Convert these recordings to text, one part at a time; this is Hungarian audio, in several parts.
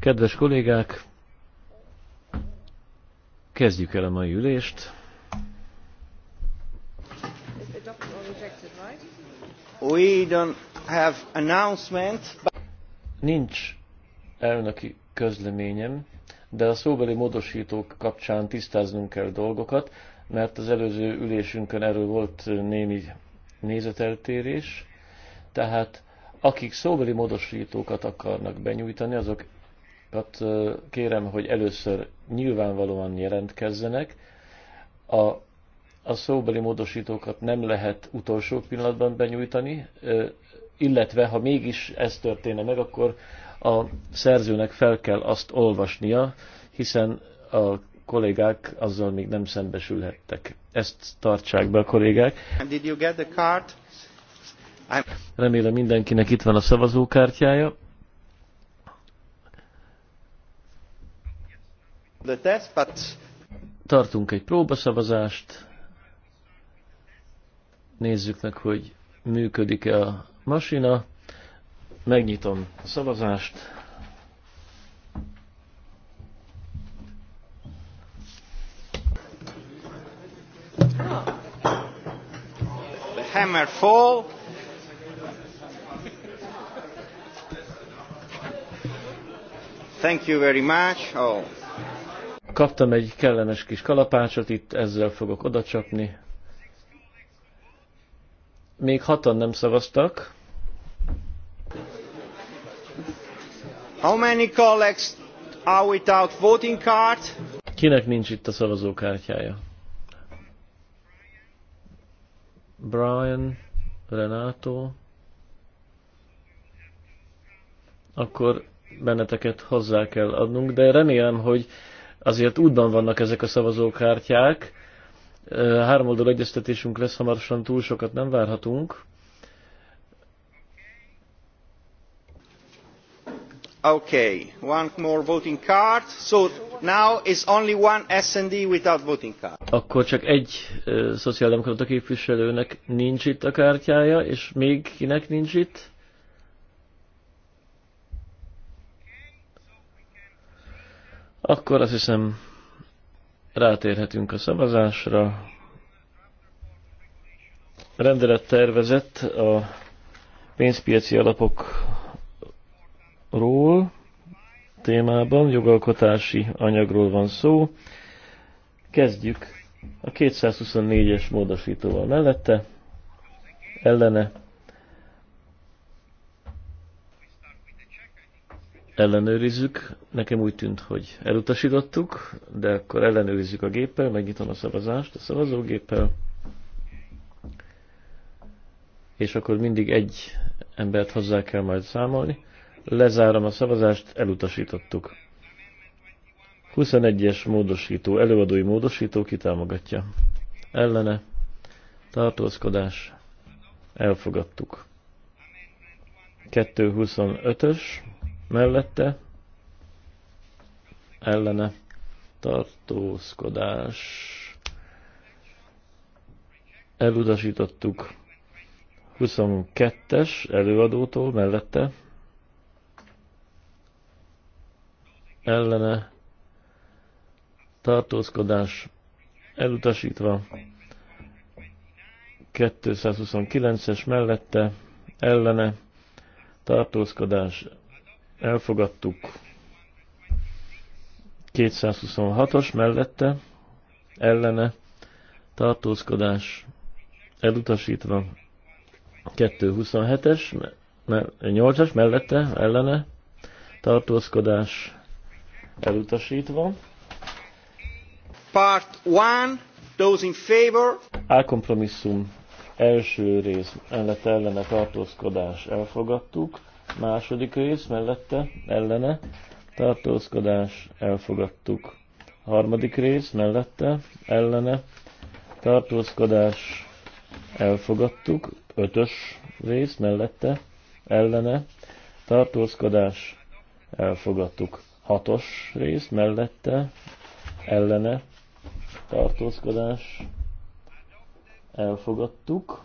Kedves kollégák, kezdjük el a mai ülést. We don't have announcement, Nincs elnöki közleményem, de a szóbeli módosítók kapcsán tisztáznunk kell dolgokat, mert az előző ülésünkön erről volt némi nézeteltérés. Tehát akik szóbeli módosítókat akarnak benyújtani, azokat kérem, hogy először nyilvánvalóan jelentkezzenek. A, a szóbeli módosítókat nem lehet utolsó pillanatban benyújtani, illetve ha mégis ez történne meg, akkor a szerzőnek fel kell azt olvasnia, hiszen a kollégák azzal még nem szembesülhettek. Ezt tartsák be a kollégák. And did you get the card? Remélem mindenkinek itt van a szavazókártyája. Tartunk egy próbaszavazást. Nézzük meg, hogy működik-e a masina. Megnyitom a szavazást. hammer fall. Thank you very much. Oh. Kaptam egy kellemes kis kalapácsot, itt ezzel fogok odacsapni. Még hatan nem szavaztak. How many colleagues are without voting card? Kinek nincs itt a szavazókártyája? Brian, Renato. Akkor benneteket hozzá kell adnunk, de remélem, hogy azért útban vannak ezek a szavazókártyák. Háromoldal egyeztetésünk lesz hamarosan, túl sokat nem várhatunk. Okay, one more voting card. So now is only one S&D without voting card. Akkor csak egy uh, szociáldemokrata képviselőnek nincs itt a kártyája, és még kinek nincs itt? Akkor azt hiszem rátérhetünk a szavazásra. Rendelet tervezett a pénzpiaci alapokról témában, jogalkotási anyagról van szó. Kezdjük a 224-es módosítóval mellette, ellene ellenőrizzük. Nekem úgy tűnt, hogy elutasítottuk, de akkor ellenőrizzük a géppel, megnyitom a szavazást a szavazógéppel, és akkor mindig egy embert hozzá kell majd számolni. Lezárom a szavazást, elutasítottuk. 21-es módosító, előadói módosító kitámogatja. Ellene, tartózkodás, elfogadtuk. 225-ös, mellette ellene tartózkodás elutasítottuk 22-es előadótól mellette ellene tartózkodás elutasítva 229-es mellette ellene tartózkodás elfogadtuk 226-os mellette, ellene, tartózkodás elutasítva 227-es, 8-as mellette, ellene, tartózkodás elutasítva. Part 1, those in favor. A kompromisszum első rész mellett ellene tartózkodás elfogadtuk. Második rész mellette, ellene, tartózkodás, elfogadtuk. Harmadik rész mellette, ellene, tartózkodás, elfogadtuk. Ötös rész mellette, ellene, tartózkodás, elfogadtuk. Hatos rész mellette, ellene, tartózkodás, elfogadtuk.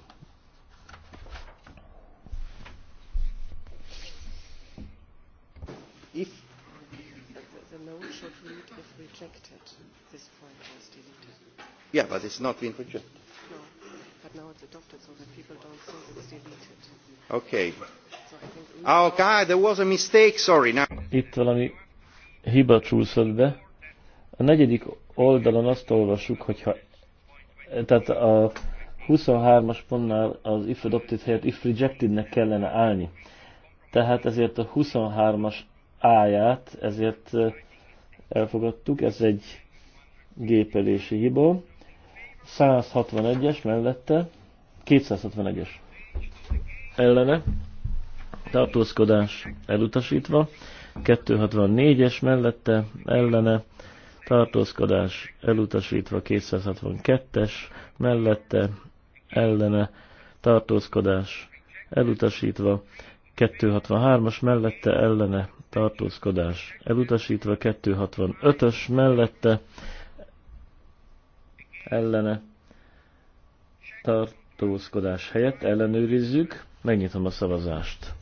rejected. This point was deleted. Yeah, but it's not been rejected. No, but now it's adopted so that people don't think it's deleted. Okay. So oh, okay, there was a mistake, sorry. Now... Itt valami hiba csúszott be. A negyedik oldalon azt olvassuk, hogyha tehát a 23-as pontnál az if adopted helyett if rejectednek kellene állni. Tehát ezért a 23-as áját ezért uh, elfogadtuk, ez egy gépelési hiba. 161-es mellette, 261-es ellene, tartózkodás elutasítva, 264-es mellette, ellene, tartózkodás elutasítva, 262-es mellette, ellene, tartózkodás elutasítva, 263-as mellette, ellene, tartózkodás elutasítva, 265-ös mellette ellene tartózkodás helyett ellenőrizzük, megnyitom a szavazást.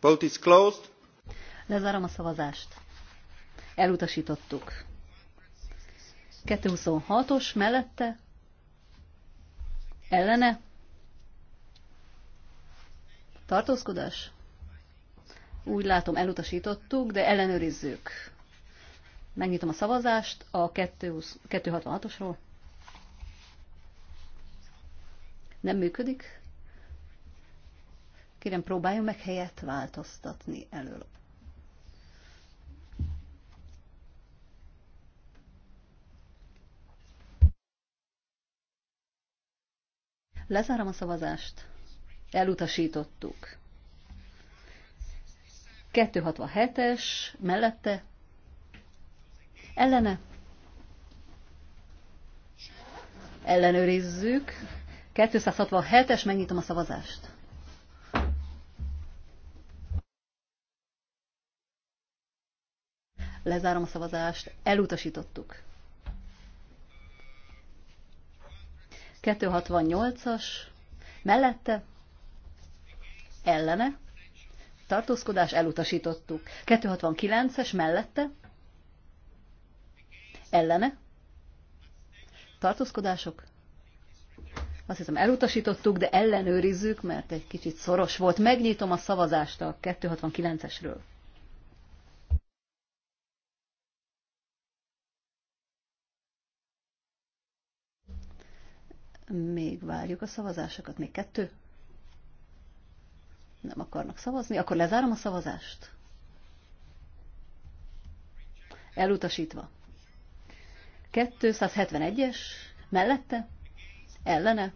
Vote is closed. Lezárom a szavazást. Elutasítottuk. 226-os mellette Ellene? Tartózkodás? Úgy látom, elutasítottuk, de ellenőrizzük. Megnyitom a szavazást a 266-osról. Nem működik? Kérem, próbáljunk meg helyet változtatni elől Lezárom a szavazást. Elutasítottuk. 267-es, mellette, ellene. Ellenőrizzük. 267-es, megnyitom a szavazást. Lezárom a szavazást, elutasítottuk. 268-as mellette ellene tartózkodás elutasítottuk. 269-es mellette ellene tartózkodások azt hiszem elutasítottuk, de ellenőrizzük, mert egy kicsit szoros volt. Megnyitom a szavazást a 269-esről. Még várjuk a szavazásokat. Még kettő? Nem akarnak szavazni? Akkor lezárom a szavazást. Elutasítva. 271-es, mellette, ellene,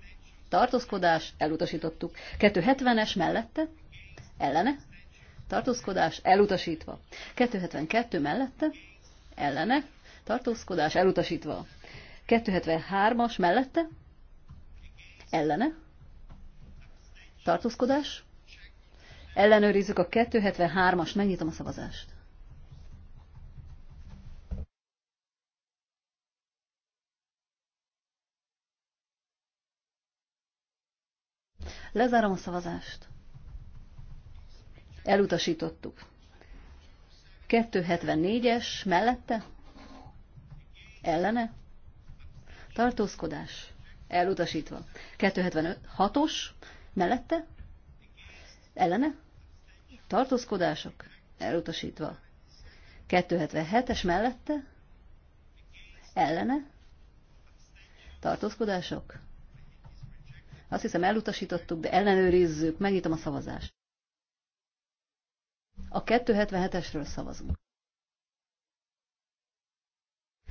tartózkodás, elutasítottuk. 270-es, mellette, ellene, tartózkodás, elutasítva. 272 mellette, ellene, tartózkodás, elutasítva. 273-as mellette, ellene, tartózkodás, ellenőrizzük a 273-as, megnyitom a szavazást. Lezárom a szavazást. Elutasítottuk. 274-es mellette? Ellene? Tartózkodás elutasítva. 276-os mellette, ellene, tartózkodások, elutasítva. 277-es mellette, ellene, tartózkodások. Azt hiszem elutasítottuk, de ellenőrizzük, megnyitom a szavazást. A 277-esről szavazunk.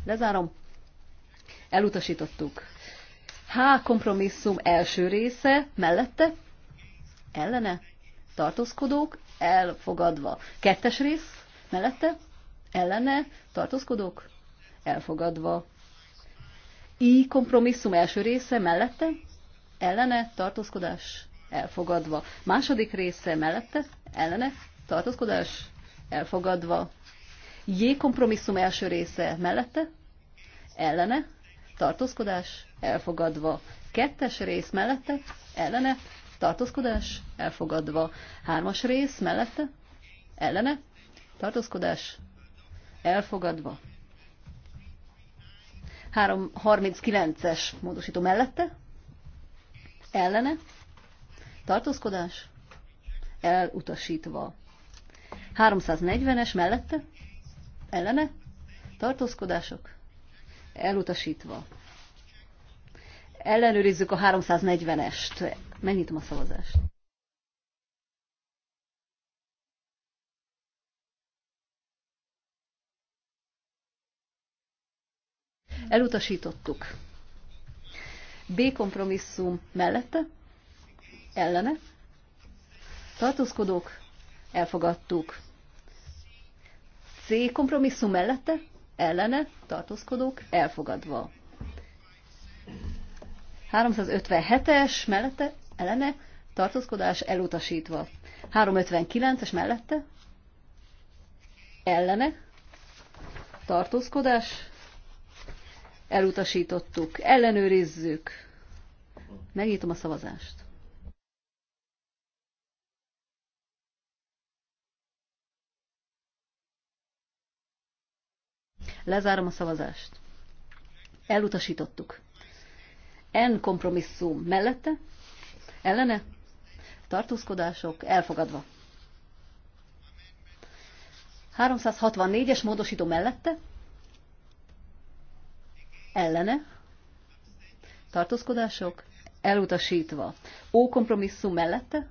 Lezárom. Elutasítottuk. H kompromisszum első része mellette, ellene, tartózkodók, elfogadva. Kettes rész mellette, ellene, tartózkodók, elfogadva. I kompromisszum első része mellette, ellene, tartózkodás, elfogadva. Második része mellette, ellene, tartózkodás, elfogadva. J kompromisszum első része mellette, ellene, tartózkodás, elfogadva. Kettes rész mellette, ellene, tartózkodás, elfogadva. Hármas rész mellette, ellene, tartózkodás, elfogadva. 339-es módosító mellette, ellene, tartózkodás, elutasítva. 340-es mellette, ellene, tartózkodások, elutasítva. Ellenőrizzük a 340-est. Megnyitom a szavazást. Elutasítottuk. B kompromisszum mellette, ellene, tartózkodók, elfogadtuk. C kompromisszum mellette, ellene, tartózkodók, elfogadva. 357-es mellette ellene tartózkodás elutasítva. 359-es mellette ellene tartózkodás elutasítottuk. Ellenőrizzük. Megnyitom a szavazást. Lezárom a szavazást. Elutasítottuk. En kompromisszum mellette, ellene, tartózkodások elfogadva. 364-es módosító mellette, ellene, tartózkodások elutasítva. Ó kompromisszum mellette,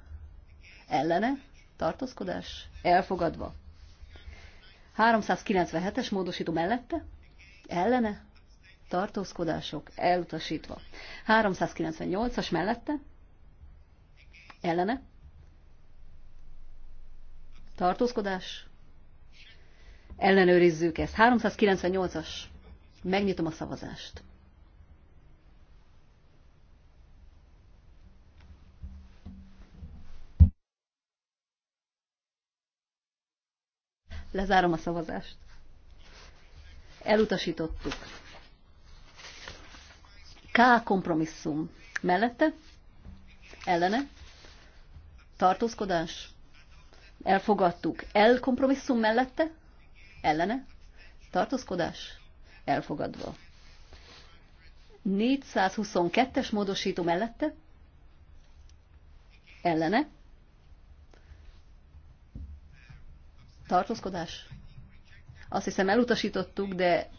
ellene, tartózkodás elfogadva. 397-es módosító mellette, ellene, tartózkodások elutasítva. 398-as mellette, ellene, tartózkodás, ellenőrizzük ezt. 398-as, megnyitom a szavazást. Lezárom a szavazást. Elutasítottuk. K kompromisszum mellette, ellene, tartózkodás, elfogadtuk. L kompromisszum mellette, ellene, tartózkodás, elfogadva. 422-es módosító mellette, ellene, tartózkodás. Azt hiszem elutasítottuk, de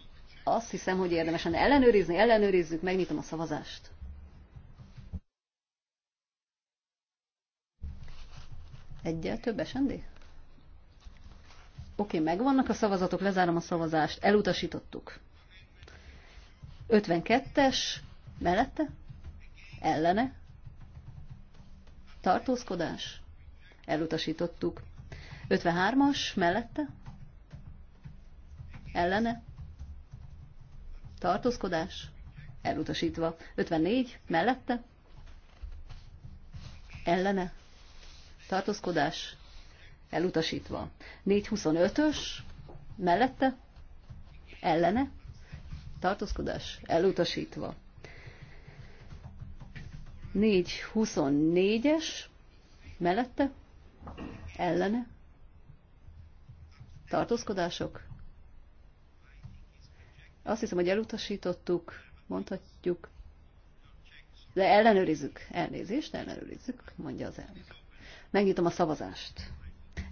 azt hiszem, hogy érdemesen ellenőrizni, ellenőrizzük, megnyitom a szavazást. Egyel több esendé? Oké, okay, megvannak a szavazatok, lezárom a szavazást, elutasítottuk. 52-es, mellette? Ellene? Tartózkodás? Elutasítottuk. 53-as, mellette? Ellene? tartózkodás, elutasítva. 54 mellette, ellene, tartózkodás, elutasítva. 425-ös mellette, ellene, tartózkodás, elutasítva. 424-es mellette, ellene, tartózkodások, azt hiszem, hogy elutasítottuk, mondhatjuk, de ellenőrizzük. Elnézést, ellenőrizzük, mondja az elnök. Megnyitom a szavazást.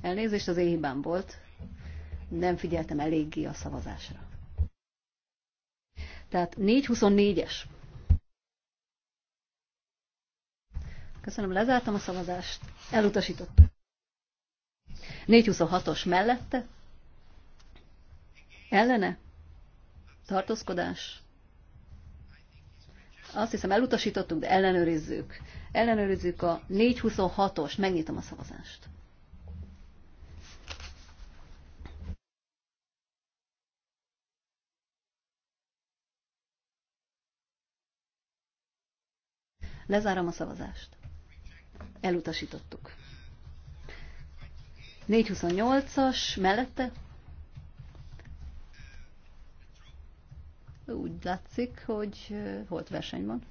Elnézést, az én hibám volt. Nem figyeltem eléggé a szavazásra. Tehát 424-es. Köszönöm, lezártam a szavazást. Elutasított. 426-os mellette. Ellene? Tartózkodás. Azt hiszem elutasítottuk, de ellenőrizzük. Ellenőrizzük a 426 os Megnyitom a szavazást. Lezárom a szavazást. Elutasítottuk. 428-as mellette Úgy látszik, hogy volt verseny van.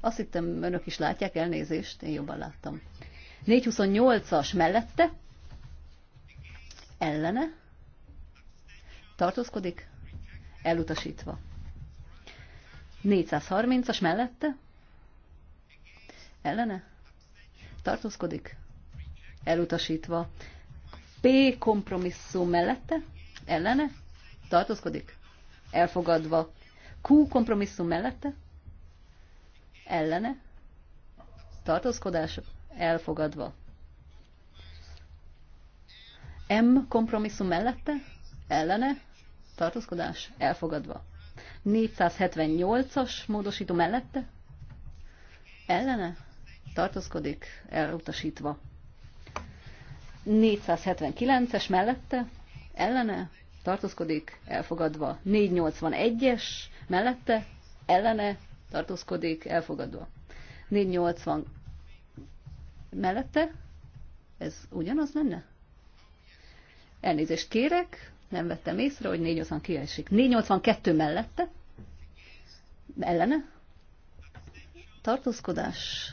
Azt hittem, önök is látják, elnézést, én jobban láttam. 428-as mellette, ellene, tartózkodik, elutasítva. 430-as mellette, Ellene? Tartózkodik? Elutasítva. P kompromisszum mellette? Ellene? Tartózkodik? Elfogadva. Q kompromisszum mellette? Ellene? Tartózkodás? Elfogadva. M kompromisszum mellette? Ellene? Tartózkodás? Elfogadva. 478-as módosító mellette? Ellene? tartózkodik, elutasítva. 479-es mellette, ellene, tartózkodik, elfogadva. 481-es mellette, ellene, tartózkodik, elfogadva. 480 mellette, ez ugyanaz lenne? Elnézést kérek, nem vettem észre, hogy 480 kiesik. 482 mellette, ellene, tartózkodás,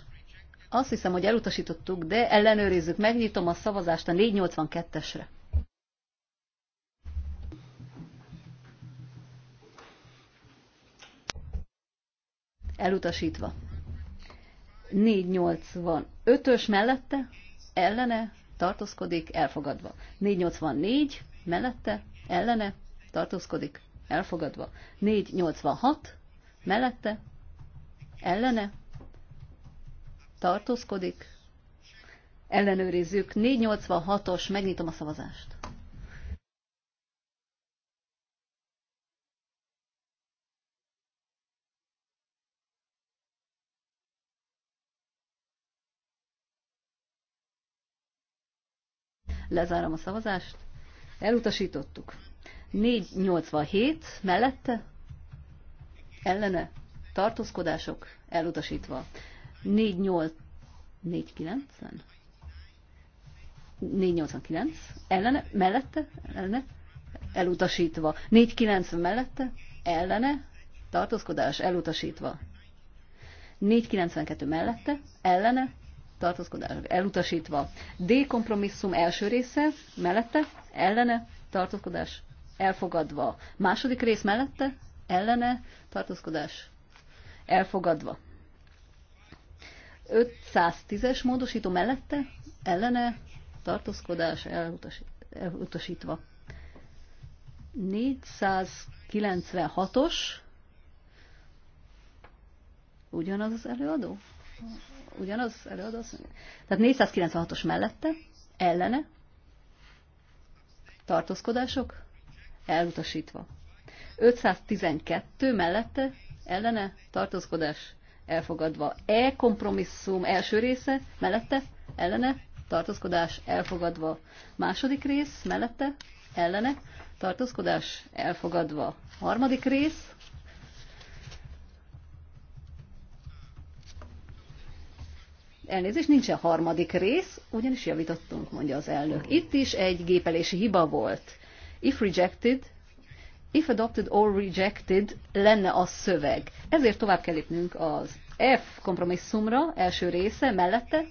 azt hiszem, hogy elutasítottuk, de ellenőrizzük, megnyitom a szavazást a 482-esre. Elutasítva. 485-ös mellette, ellene, tartózkodik, elfogadva. 484 mellette, ellene, tartózkodik, elfogadva. 486 mellette, ellene, tartózkodik, ellenőrizzük. 486-os, megnyitom a szavazást. Lezárom a szavazást. Elutasítottuk. 487 mellette ellene tartózkodások elutasítva. 489 ellene, mellette, ellene, elutasítva. 490 mellette, ellene, tartózkodás, elutasítva. 492 mellette, ellene, tartózkodás, elutasítva. D kompromisszum első része, mellette, ellene, tartózkodás, elfogadva. Második rész mellette, ellene, tartózkodás, elfogadva. 510-es módosító mellette ellene tartózkodás elutasítva. 496-os ugyanaz az előadó? Ugyanaz előadó? Tehát 496-os mellette ellene tartózkodások elutasítva. 512 mellette ellene tartózkodás elfogadva. E kompromisszum első része, mellette, ellene, tartózkodás elfogadva. Második rész, mellette, ellene, tartózkodás elfogadva. Harmadik rész, Elnézést, nincsen harmadik rész, ugyanis javítottunk, mondja az elnök. Itt is egy gépelési hiba volt. If rejected, if adopted or rejected lenne a szöveg. Ezért tovább kell lépnünk az F kompromisszumra, első része, mellette,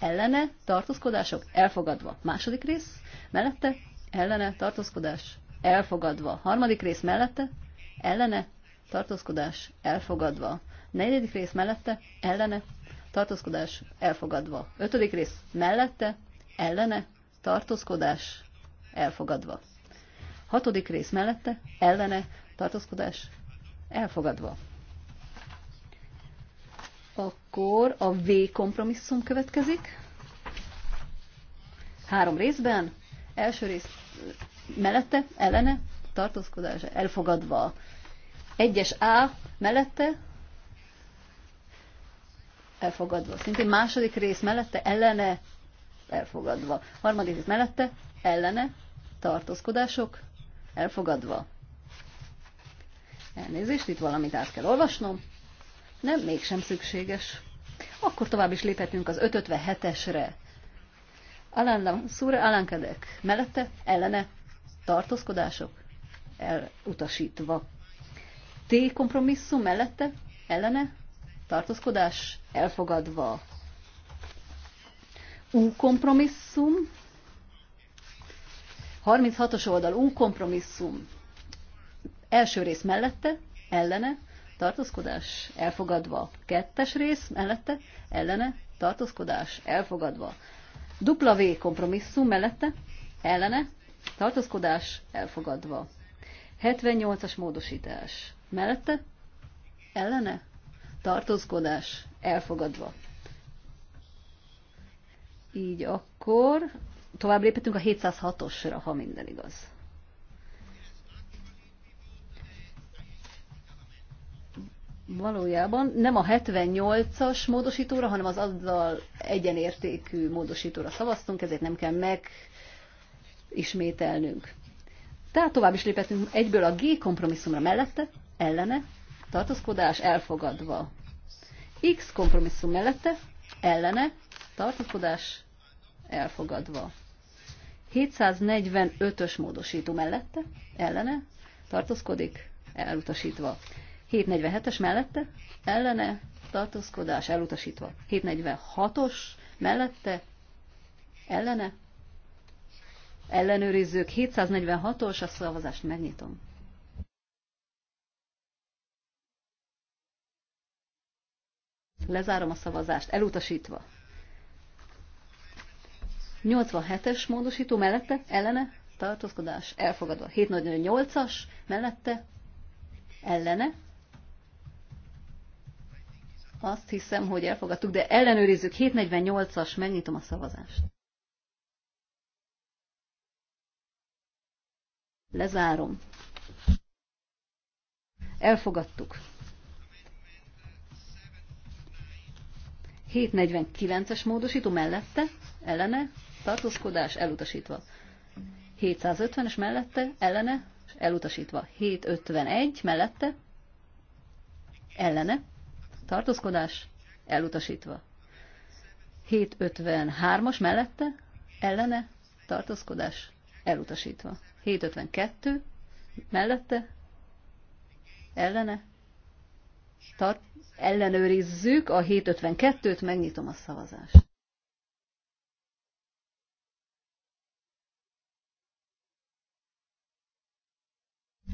ellene, tartózkodások, elfogadva. Második rész, mellette, ellene, tartózkodás, elfogadva. Harmadik rész mellette, ellene, tartózkodás, elfogadva. Negyedik rész mellette, ellene, tartózkodás, elfogadva. Ötödik rész mellette, ellene, tartózkodás, elfogadva. Hatodik rész mellette, ellene, tartózkodás elfogadva. Akkor a V kompromisszum következik. Három részben. Első rész mellette, ellene, tartózkodás elfogadva. Egyes A mellette, elfogadva. Szintén második rész mellette, ellene, elfogadva. Harmadik rész mellette, ellene, tartózkodások, Elfogadva. Elnézést, itt valamit át kell olvasnom. Nem, mégsem szükséges. Akkor tovább is léphetünk az 557-esre. alán Szúra alánkedek Mellette, ellene, tartózkodások elutasítva. T kompromisszum mellette, ellene, tartózkodás elfogadva. U kompromisszum 36-os oldal unkompromisszum Első rész mellette, ellene, tartózkodás elfogadva. Kettes rész mellette, ellene, tartózkodás elfogadva. Dupla V kompromisszum mellette, ellene, tartózkodás elfogadva. 78-as módosítás mellette, ellene, tartózkodás elfogadva. Így akkor tovább léphetünk a 706-osra, ha minden igaz. Valójában nem a 78-as módosítóra, hanem az azzal egyenértékű módosítóra szavaztunk, ezért nem kell megismételnünk. Tehát tovább is léphetünk egyből a G kompromisszumra mellette, ellene, tartózkodás elfogadva. X kompromisszum mellette, ellene, tartózkodás elfogadva. 745-ös módosító mellette, ellene, tartózkodik, elutasítva. 747-es mellette, ellene, tartózkodás, elutasítva. 746-os mellette, ellene, ellenőrizzük, 746-os, a szavazást megnyitom. Lezárom a szavazást, elutasítva. 87-es módosító mellette, ellene, tartózkodás elfogadva. 748-as mellette, ellene. Azt hiszem, hogy elfogadtuk, de ellenőrizzük. 748-as, megnyitom a szavazást. Lezárom. Elfogadtuk. 749-es módosító mellette, ellene, tartózkodás elutasítva. 750 és mellette, ellene, és elutasítva. 751 mellette, ellene, tartózkodás elutasítva. 753-as mellette, ellene, tartózkodás elutasítva. 752 mellette, ellene, tart, ellenőrizzük a 752-t, megnyitom a szavazást.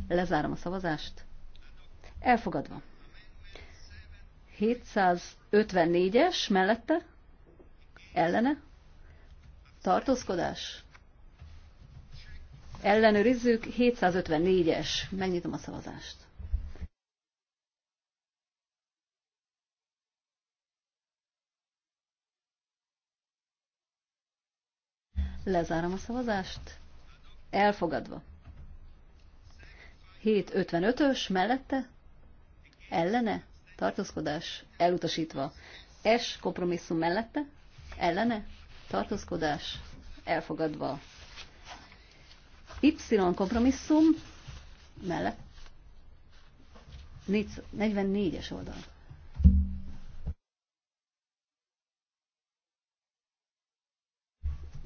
Lezárom a szavazást. Elfogadva. 754-es mellette? Ellene? Tartózkodás? Ellenőrizzük, 754-es. Megnyitom a szavazást. Lezárom a szavazást. Elfogadva. 755-ös mellette ellene tartózkodás elutasítva. S kompromisszum mellette ellene tartózkodás elfogadva. Y kompromisszum mellett 44-es oldal.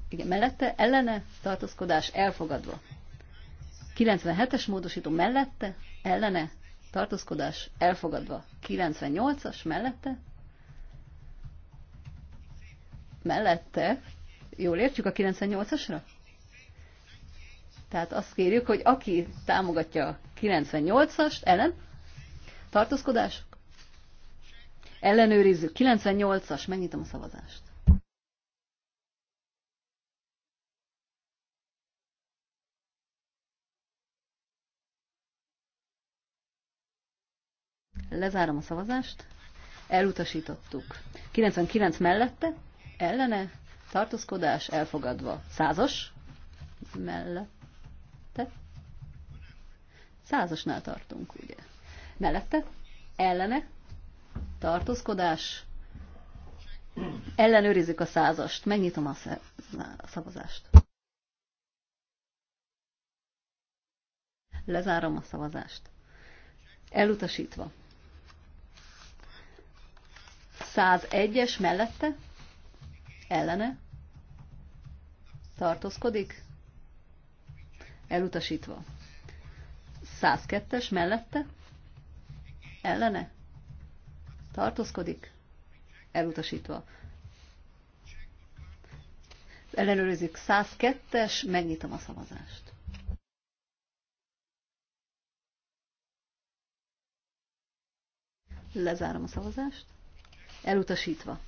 Igen, mellette ellene tartózkodás elfogadva. 97-es módosító mellette, ellene, tartózkodás elfogadva. 98-as mellette, mellette, jól értjük a 98-asra? Tehát azt kérjük, hogy aki támogatja a 98-ast, ellen, tartózkodás, ellenőrizzük, 98-as, megnyitom a szavazást. Lezárom a szavazást. Elutasítottuk. 99 mellette, ellene, tartózkodás elfogadva. Százas mellette. Százasnál tartunk, ugye. Mellette, ellene, tartózkodás. Ellenőrizzük a százast. Megnyitom a szavazást. Lezárom a szavazást. Elutasítva. 101-es mellette? Ellene? Tartózkodik? Elutasítva. 102-es mellette? Ellene? Tartózkodik? Elutasítva. Ellenőrizzük 102-es, megnyitom a szavazást. Lezárom a szavazást elutasítva.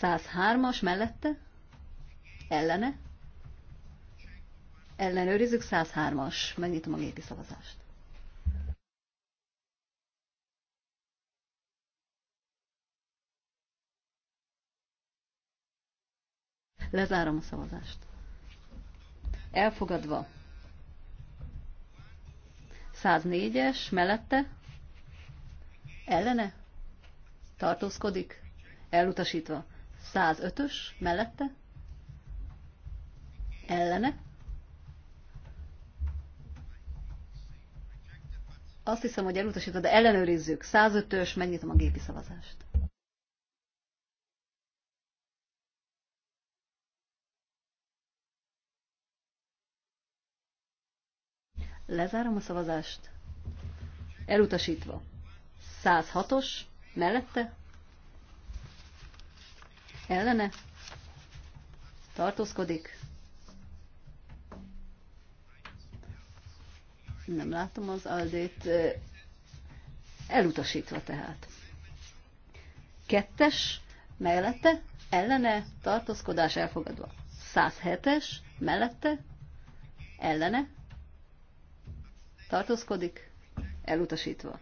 103-as mellette, ellene, ellenőrizzük 103-as, megnyitom a gépi szavazást. Lezárom a szavazást. Elfogadva. 104-es, mellette, ellene, tartózkodik, elutasítva. 105-ös mellette, ellene. Azt hiszem, hogy elutasítva, de ellenőrizzük. 105-ös, megnyitom a gépi szavazást. Lezárom a szavazást. Elutasítva. 106-os mellette, ellene, tartózkodik. Nem látom az aldét. Elutasítva tehát. Kettes, mellette, ellene, tartózkodás elfogadva. 107-es, mellette, ellene, tartózkodik, elutasítva.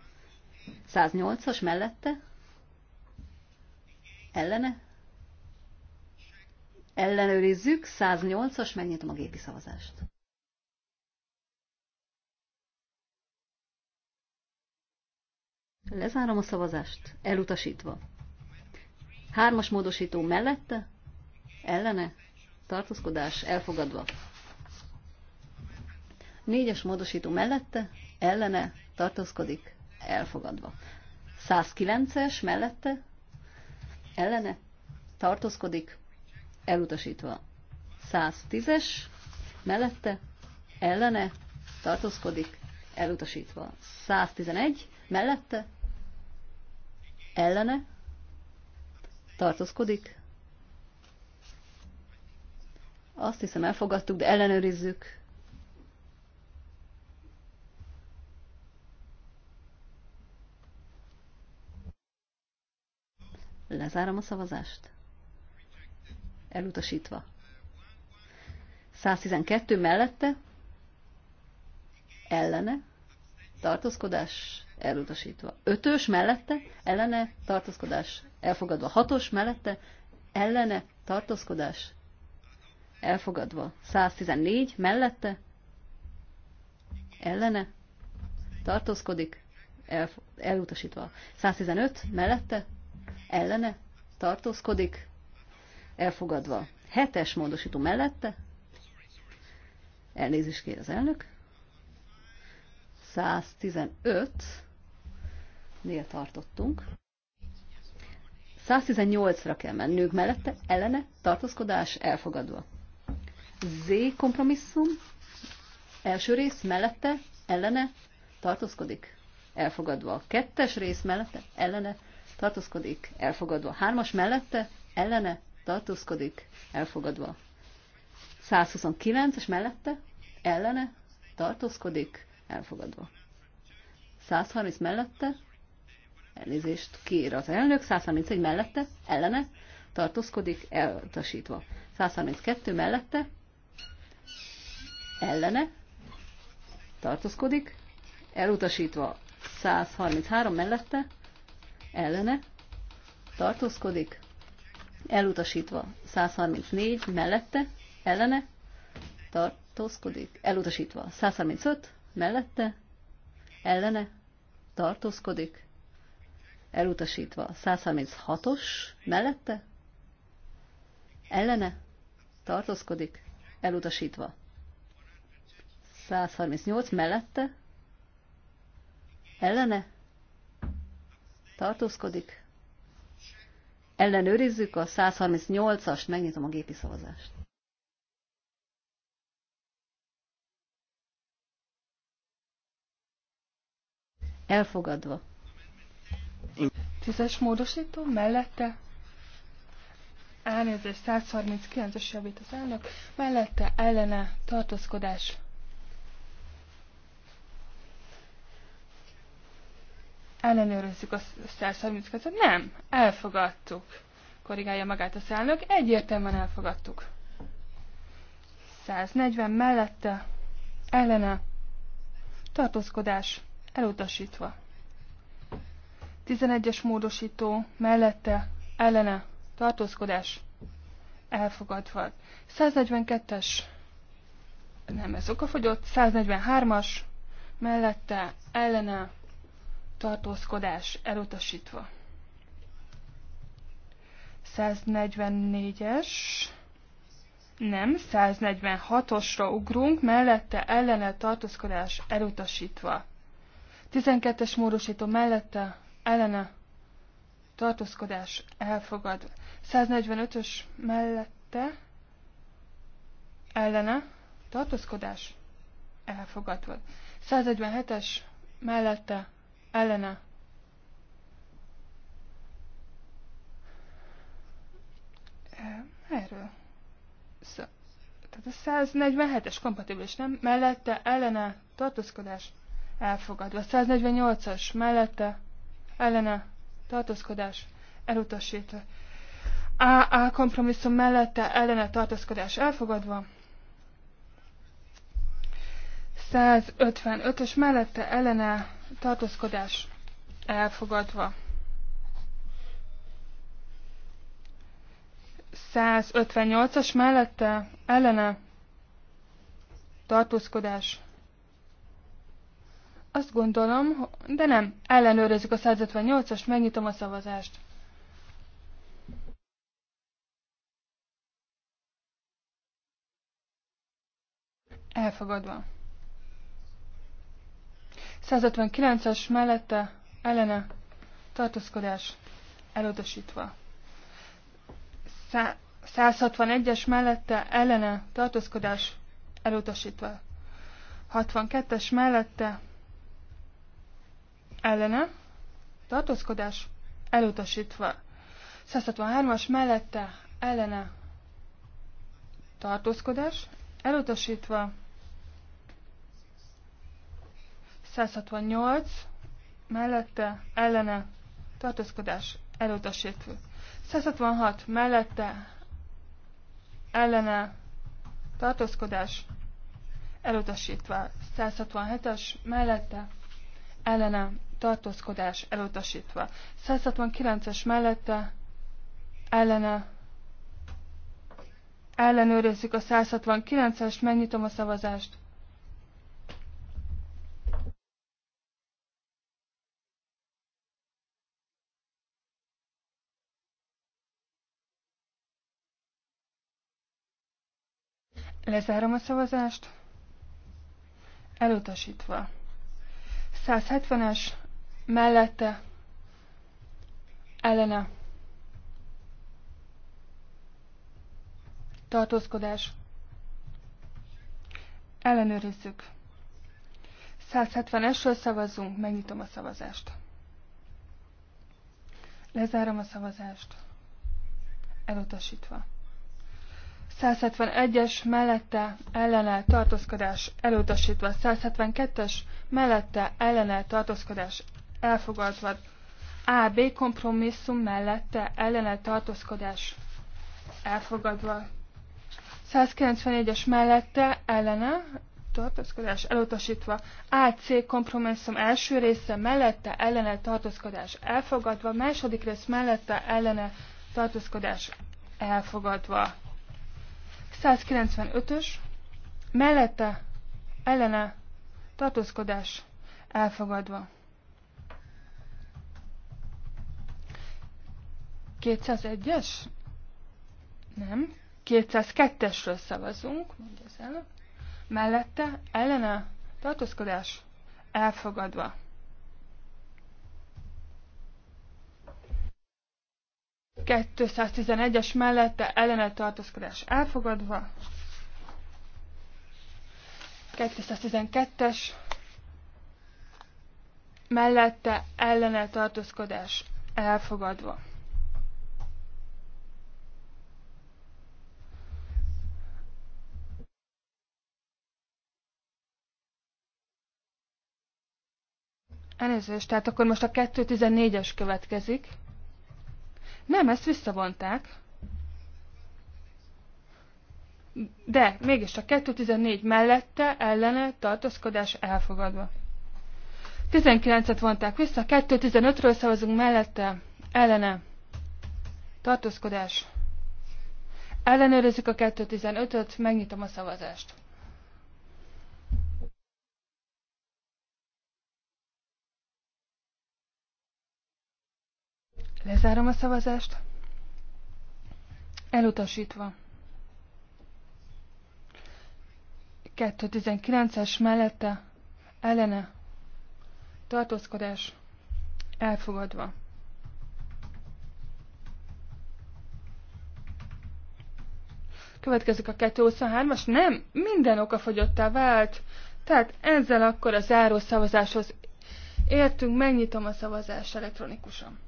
108-as mellette, ellene, ellenőrizzük, 108-as, megnyitom a gépi szavazást. Lezárom a szavazást, elutasítva. Hármas módosító mellette, ellene, tartózkodás elfogadva. Négyes módosító mellette, ellene, tartózkodik, elfogadva. 109-es mellette ellene tartózkodik, elutasítva. 110-es mellette ellene tartózkodik, elutasítva. 111 mellette ellene tartózkodik. Azt hiszem elfogadtuk, de ellenőrizzük. Lezárom a szavazást. Elutasítva. 112 mellette, ellene, tartózkodás, elutasítva. Ötös mellette, ellene, tartózkodás, elfogadva. Hatos mellette, ellene, tartózkodás, elfogadva. 114 mellette, ellene, tartózkodik, elutasítva. 115 mellette, ellene tartózkodik, elfogadva. Hetes módosító mellette, elnézést kér az elnök, 115 nél tartottunk. 118-ra kell mennünk mellette, ellene, tartózkodás elfogadva. Z kompromisszum, első rész mellette, ellene, tartózkodik, elfogadva. Kettes rész mellette, ellene, tartózkodik, elfogadva. Hármas mellette, ellene, tartózkodik, elfogadva. 129-es mellette, ellene, tartózkodik, elfogadva. 130 mellette, elnézést kér az elnök, 131 mellette, ellene, tartózkodik, elutasítva. 132 mellette, ellene, tartózkodik, elutasítva. 133 mellette, ellene, tartózkodik, elutasítva 134 mellette, ellene, tartózkodik, elutasítva 135 mellette, ellene, tartózkodik, elutasítva 136-os mellette, ellene, tartózkodik, elutasítva 138 mellette, ellene, tartózkodik. Ellenőrizzük a 138-ast, megnyitom a gépi szavazást. Elfogadva. Tízes módosító mellette elnézést 139-es javít az elnök, mellette ellene tartózkodás ellenőrizzük a 132-t. Nem, elfogadtuk. Korrigálja magát a elnök. Egyértelműen elfogadtuk. 140 mellette, ellene, tartózkodás, elutasítva. 11-es módosító, mellette, ellene, tartózkodás, elfogadva. 142-es, nem ez okafogyott, 143-as, mellette, ellene, tartózkodás elutasítva. 144-es, nem, 146-osra ugrunk, mellette ellene tartózkodás elutasítva. 12-es módosító mellette ellene tartózkodás elfogad. 145-ös mellette ellene tartózkodás elfogadva. 147-es mellette ellene erről Sz tehát a 147-es kompatibilis nem mellette ellene tartózkodás elfogadva 148-as mellette ellene tartózkodás elutasítva AA kompromisszum mellette ellene tartózkodás elfogadva 155-ös mellette ellene tartózkodás elfogadva. 158-as mellette ellene tartózkodás. Azt gondolom, de nem, ellenőrizzük a 158 as megnyitom a szavazást. Elfogadva. 159-es mellette ellene tartózkodás elutasítva. 161-es mellette ellene tartózkodás elutasítva. 62-es mellette ellene tartózkodás elutasítva. 163-as mellette ellene tartózkodás elutasítva. 168 mellette ellene tartózkodás elutasítva. 166 mellette ellene tartózkodás elutasítva. 167-es mellette ellene tartózkodás elutasítva. 169-es mellette ellene ellenőrizzük a 169-est, megnyitom a szavazást. Lezárom a szavazást. Elutasítva. 170-es mellette ellene tartózkodás. Ellenőrizzük. 170-esről szavazzunk, megnyitom a szavazást. Lezárom a szavazást. Elutasítva. 171-es mellette ellene tartózkodás elutasítva, 172-es mellette ellene tartózkodás elfogadva, AB kompromisszum mellette ellene tartózkodás elfogadva, 194 es mellette ellene tartózkodás elutasítva, AC kompromisszum első része mellette ellene tartózkodás elfogadva, második rész mellette ellene tartózkodás elfogadva. 195-ös, mellette ellene tartózkodás elfogadva. 201-es? Nem. 202-esről szavazunk, mondja az előbb. Mellette ellene tartózkodás elfogadva. 211-es mellette ellene tartózkodás elfogadva. 212-es mellette ellene tartózkodás elfogadva. Elnézést, tehát akkor most a 214-es következik. Nem, ezt visszavonták. De mégis a 214 mellette ellene tartózkodás elfogadva. 19-et vonták vissza, 215-ről szavazunk mellette ellene tartózkodás. Ellenőrizzük a 215-öt, megnyitom a szavazást. Lezárom a szavazást. Elutasítva. 219-es mellette ellene tartózkodás elfogadva. Következik a 223-as. Nem, minden oka fogyottá vált. Tehát ezzel akkor a záró szavazáshoz értünk, megnyitom a szavazást elektronikusan.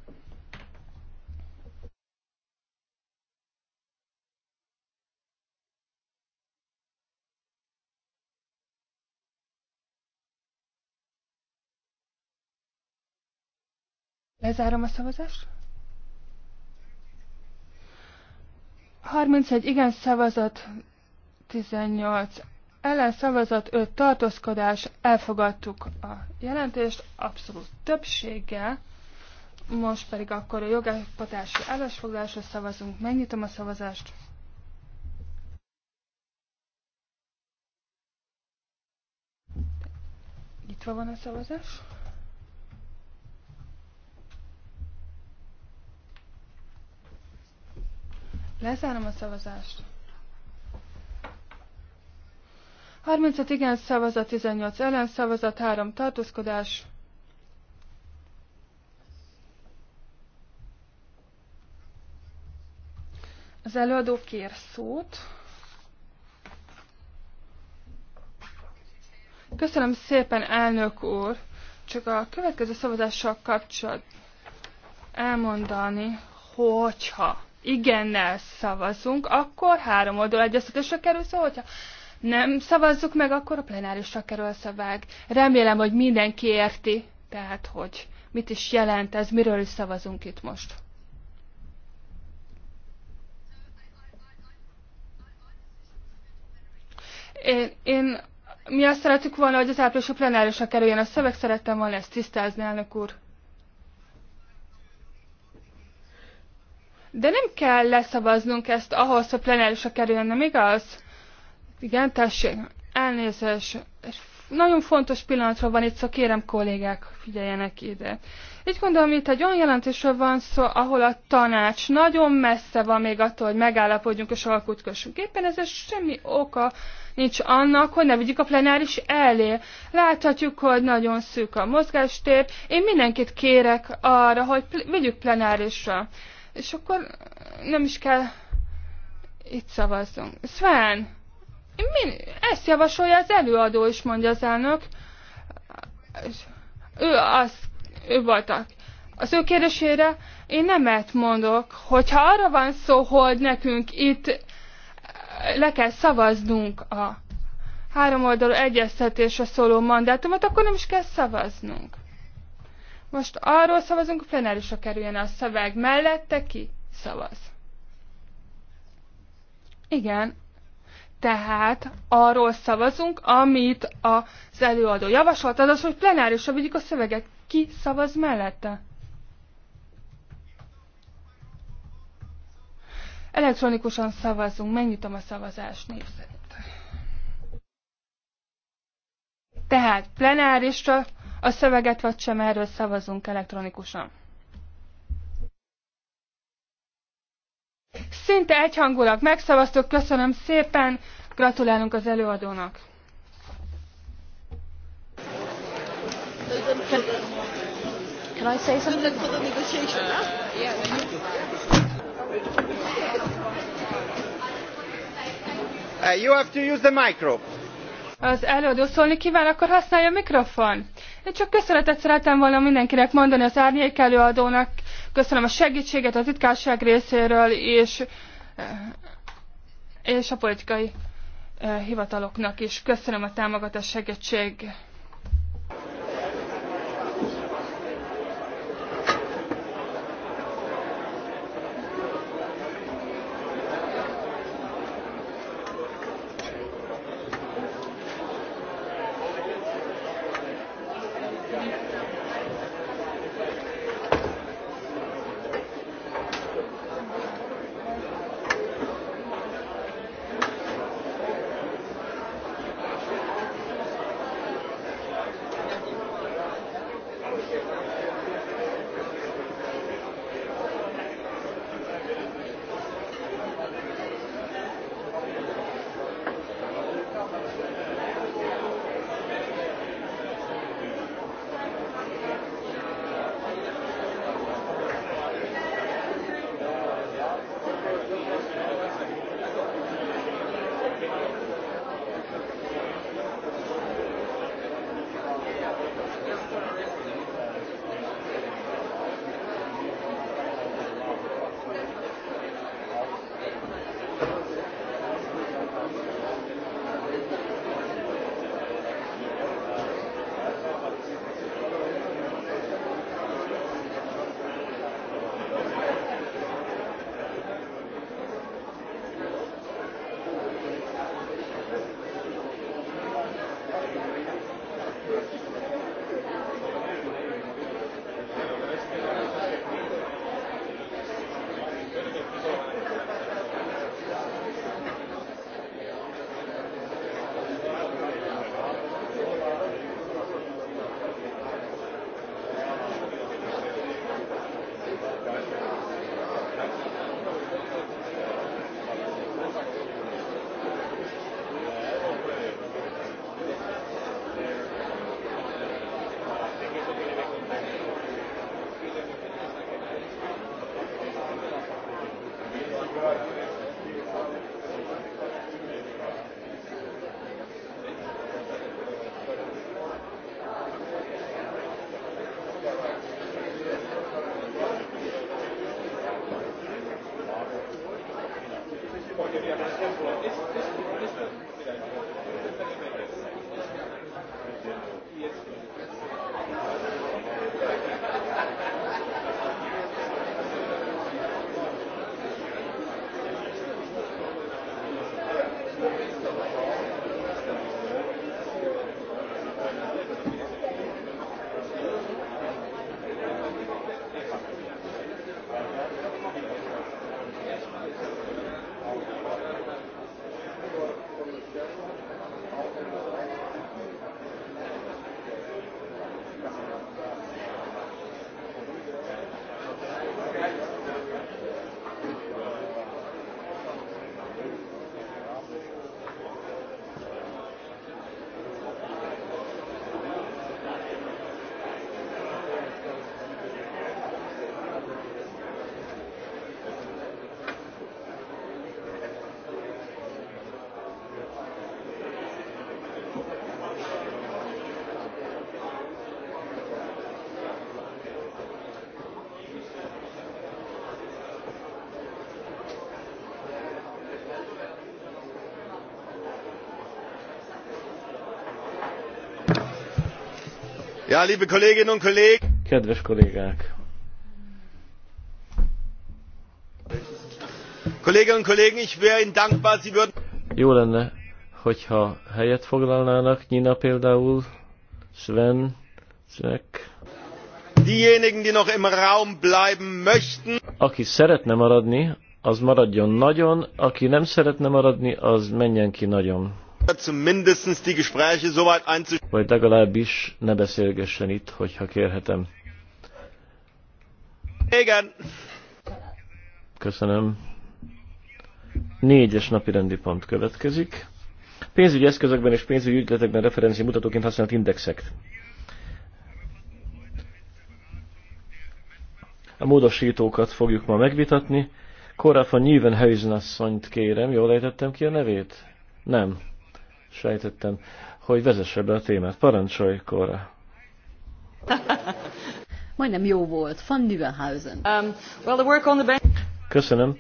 Lezárom a szavazást. 31 igen szavazat, 18 ellen szavazat, 5 tartózkodás, elfogadtuk a jelentést abszolút többséggel. Most pedig akkor a jogalkotási állásfoglalásra szavazunk. Megnyitom a szavazást. Nyitva van a szavazás. Lezárom a szavazást. 35 igen szavazat, 18 ellen szavazat, 3 tartózkodás. Az előadó kér szót. Köszönöm szépen, elnök úr! Csak a következő szavazással kapcsolat elmondani, hogyha igennel szavazunk, akkor három oldal egyeztetésre kerül szó, hogyha nem szavazzuk meg, akkor a plenárisra kerül a szavág. Remélem, hogy mindenki érti, tehát hogy mit is jelent ez, miről is szavazunk itt most. Én, én mi azt szeretük volna, hogy az áprilisú plenárisra kerüljön a szöveg, szerettem volna ezt tisztázni, elnök úr. De nem kell leszavaznunk ezt ahhoz, hogy plenárisra kerüljön, nem igaz? Igen, tessék, elnézés. Nagyon fontos pillanatra van itt, szó, szóval kérem kollégák, figyeljenek ide. Így gondolom, itt egy olyan jelentésről van szó, ahol a tanács nagyon messze van még attól, hogy megállapodjunk és alkutkossunk. Éppen ez semmi oka nincs annak, hogy ne vigyük a plenáris elé. Láthatjuk, hogy nagyon szűk a mozgástér. Én mindenkit kérek arra, hogy vigyük plenárisra és akkor nem is kell itt szavazzunk. Sven, min, ezt javasolja az előadó is, mondja az elnök. Ő az, ő voltak. Az ő kérdésére én nemet mondok, hogyha arra van szó, hogy nekünk itt le kell szavaznunk a három oldalú egyeztetésre szóló mandátumot, akkor nem is kell szavaznunk. Most arról szavazunk, a plenárisra kerüljön a szöveg mellette, ki szavaz. Igen. Tehát arról szavazunk, amit az előadó javasolt, az, hogy plenárisra vigyük a szöveget. Ki szavaz mellette? Elektronikusan szavazunk, megnyitom a szavazás név szerint. Tehát plenárisra a szöveget, vagy sem, erről szavazunk elektronikusan. Szinte egyhangulag megszavaztuk, köszönöm szépen, gratulálunk az előadónak. Can, I say something? for the negotiation. Uh, yeah. uh, you have to use the micro. Az előadó szólni kíván, akkor használja a mikrofon. Én csak köszönetet szeretem volna mindenkinek mondani az árnyék előadónak. Köszönöm a segítséget a titkárság részéről, és, eh, és a politikai eh, hivataloknak is. Köszönöm a támogatás segítség. Ja, liebe Kolleginnen und Kollegen! Kedves kollégák! Kolleginnen und Kollegen, ich wäre Ihnen dankbar, Sie würden... Jó lenne, hogyha helyet foglalnának, Nina például, Sven, Jack. Diejenigen, die noch im Raum bleiben möchten. Aki szeretne maradni, az maradjon nagyon, aki nem szeretne maradni, az menjen ki nagyon. Vagy legalábbis ne beszélgessen itt, hogyha kérhetem. Igen. Köszönöm. Négyes napi rendi pont következik. Pénzügyi eszközökben és pénzügyi ügyletekben referenci mutatóként használt indexek. A módosítókat fogjuk ma megvitatni. Korábban nyíven Helyzen asszonyt kérem, jól ejtettem ki a nevét? Nem sejtettem, hogy vezesse be a témát. Parancsolj, Kóra! Majdnem jó volt. Van Nüvenhausen. Um, well, the work on the bench... Köszönöm.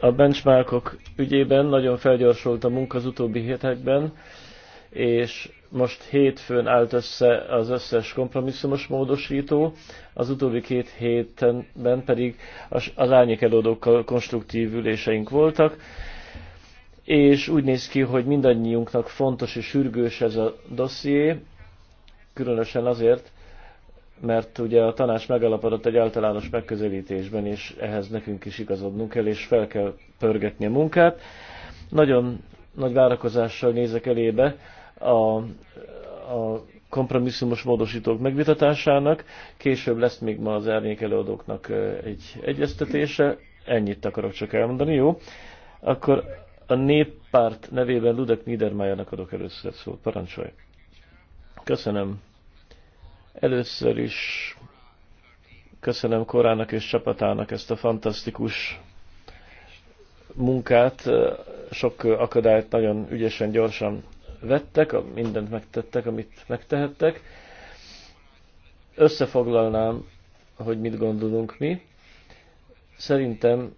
A benchmarkok ügyében nagyon felgyorsult a munka az utóbbi hétekben, és most hétfőn állt össze az összes kompromisszumos módosító, az utóbbi két hétenben pedig az árnyékelődókkal konstruktív üléseink voltak és úgy néz ki, hogy mindannyiunknak fontos és sürgős ez a dosszié, különösen azért, mert ugye a tanács megalapodott egy általános megközelítésben, és ehhez nekünk is igazodnunk kell, és fel kell pörgetni a munkát. Nagyon nagy várakozással nézek elébe a, a kompromisszumos módosítók megvitatásának. Később lesz még ma az árnyék előadóknak egy egyeztetése. Ennyit akarok csak elmondani, jó? Akkor a néppárt nevében Ludek Niedermayernak adok először szót. Parancsolj! Köszönöm. Először is köszönöm Korának és csapatának ezt a fantasztikus munkát. Sok akadályt nagyon ügyesen, gyorsan vettek, mindent megtettek, amit megtehettek. Összefoglalnám, hogy mit gondolunk mi. Szerintem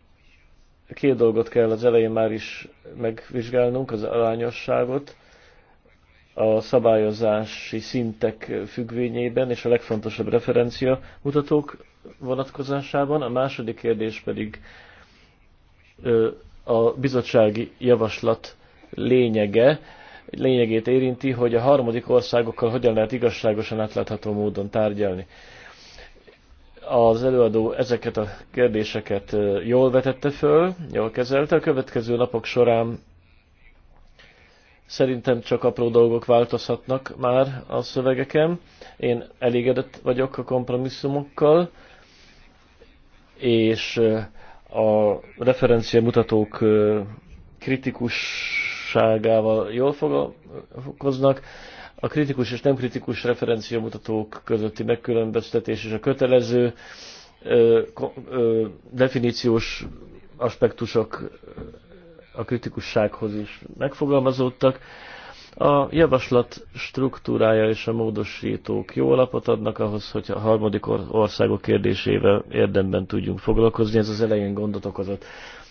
Két dolgot kell az elején már is megvizsgálnunk, az arányosságot, a szabályozási szintek függvényében és a legfontosabb referencia mutatók vonatkozásában. A második kérdés pedig a bizottsági javaslat lényege, lényegét érinti, hogy a harmadik országokkal hogyan lehet igazságosan átlátható módon tárgyalni az előadó ezeket a kérdéseket jól vetette föl, jól kezelte. A következő napok során szerintem csak apró dolgok változhatnak már a szövegeken. Én elégedett vagyok a kompromisszumokkal, és a referencia mutatók kritikusságával jól foglalkoznak a kritikus és nem kritikus referenciamutatók közötti megkülönböztetés és a kötelező ö, ö, definíciós aspektusok a kritikussághoz is megfogalmazódtak. A javaslat struktúrája és a módosítók jó alapot adnak ahhoz, hogy a harmadik országok kérdésével érdemben tudjunk foglalkozni. Ez az elején gondot okozott.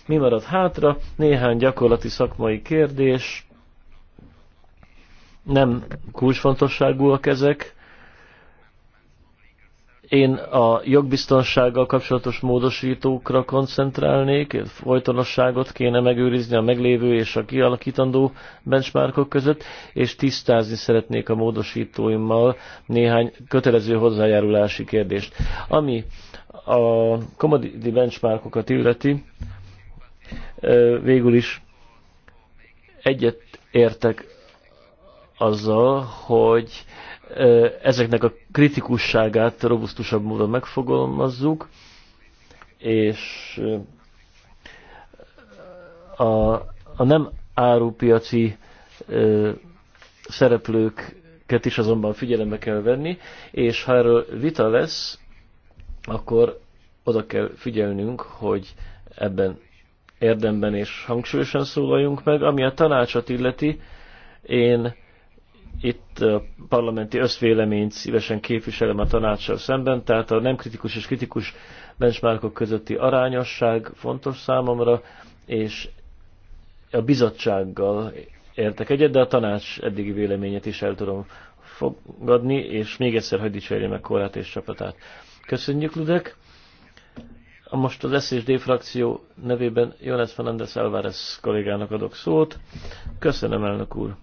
Mi marad hátra? Néhány gyakorlati szakmai kérdés, nem kulcsfontosságúak ezek. Én a jogbiztonsággal kapcsolatos módosítókra koncentrálnék, folytonosságot kéne megőrizni a meglévő és a kialakítandó benchmarkok között, és tisztázni szeretnék a módosítóimmal néhány kötelező hozzájárulási kérdést. Ami a commodity benchmarkokat illeti, végül is egyet értek azzal, hogy ezeknek a kritikusságát robusztusabb módon megfogalmazzuk, és a, a nem árupiaci ö, szereplőket is azonban figyelembe kell venni, és ha erről vita lesz, akkor oda kell figyelnünk, hogy ebben érdemben és hangsúlyosan szólaljunk meg. Ami a tanácsot illeti, én itt a parlamenti összvéleményt szívesen képviselem a tanácssal szemben, tehát a nem kritikus és kritikus benchmarkok közötti arányosság fontos számomra, és a bizottsággal értek egyet, de a tanács eddigi véleményét is el tudom fogadni, és még egyszer hagyd dicsérjem meg Korát és csapatát. Köszönjük, Ludek! A Most az SZSD frakció nevében Jonas Fernandez Alvarez kollégának adok szót. Köszönöm, elnök úr!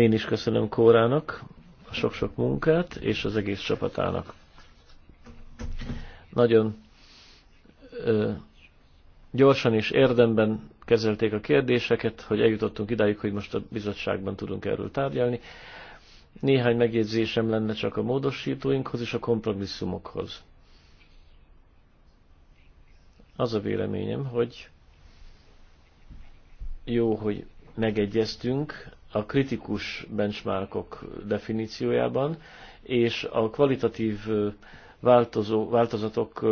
Én is köszönöm Kórának a sok-sok munkát, és az egész csapatának. Nagyon ö, gyorsan és érdemben kezelték a kérdéseket, hogy eljutottunk idáig, hogy most a bizottságban tudunk erről tárgyalni. Néhány megjegyzésem lenne csak a módosítóinkhoz és a kompromisszumokhoz. Az a véleményem, hogy jó, hogy megegyeztünk a kritikus benchmarkok definíciójában, és a kvalitatív változó, változatok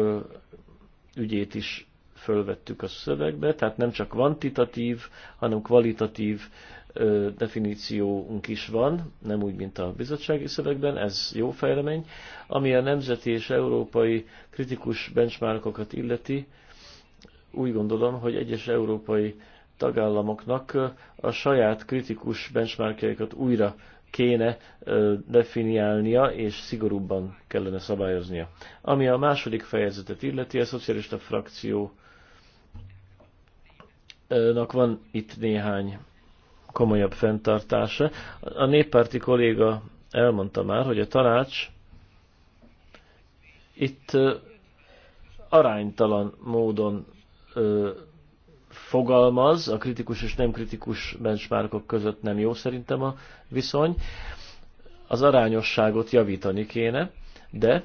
ügyét is fölvettük a szövegbe, tehát nem csak kvantitatív, hanem kvalitatív definíciónk is van, nem úgy, mint a bizottsági szövegben, ez jó fejlemény. Ami a nemzeti és európai kritikus benchmarkokat illeti, úgy gondolom, hogy egyes európai tagállamoknak a saját kritikus benchmarkjaikat újra kéne definiálnia, és szigorúbban kellene szabályoznia. Ami a második fejezetet illeti, a szocialista frakciónak van itt néhány komolyabb fenntartása. A néppárti kolléga elmondta már, hogy a tanács itt aránytalan módon fogalmaz, a kritikus és nem kritikus benchmarkok között nem jó szerintem a viszony. Az arányosságot javítani kéne, de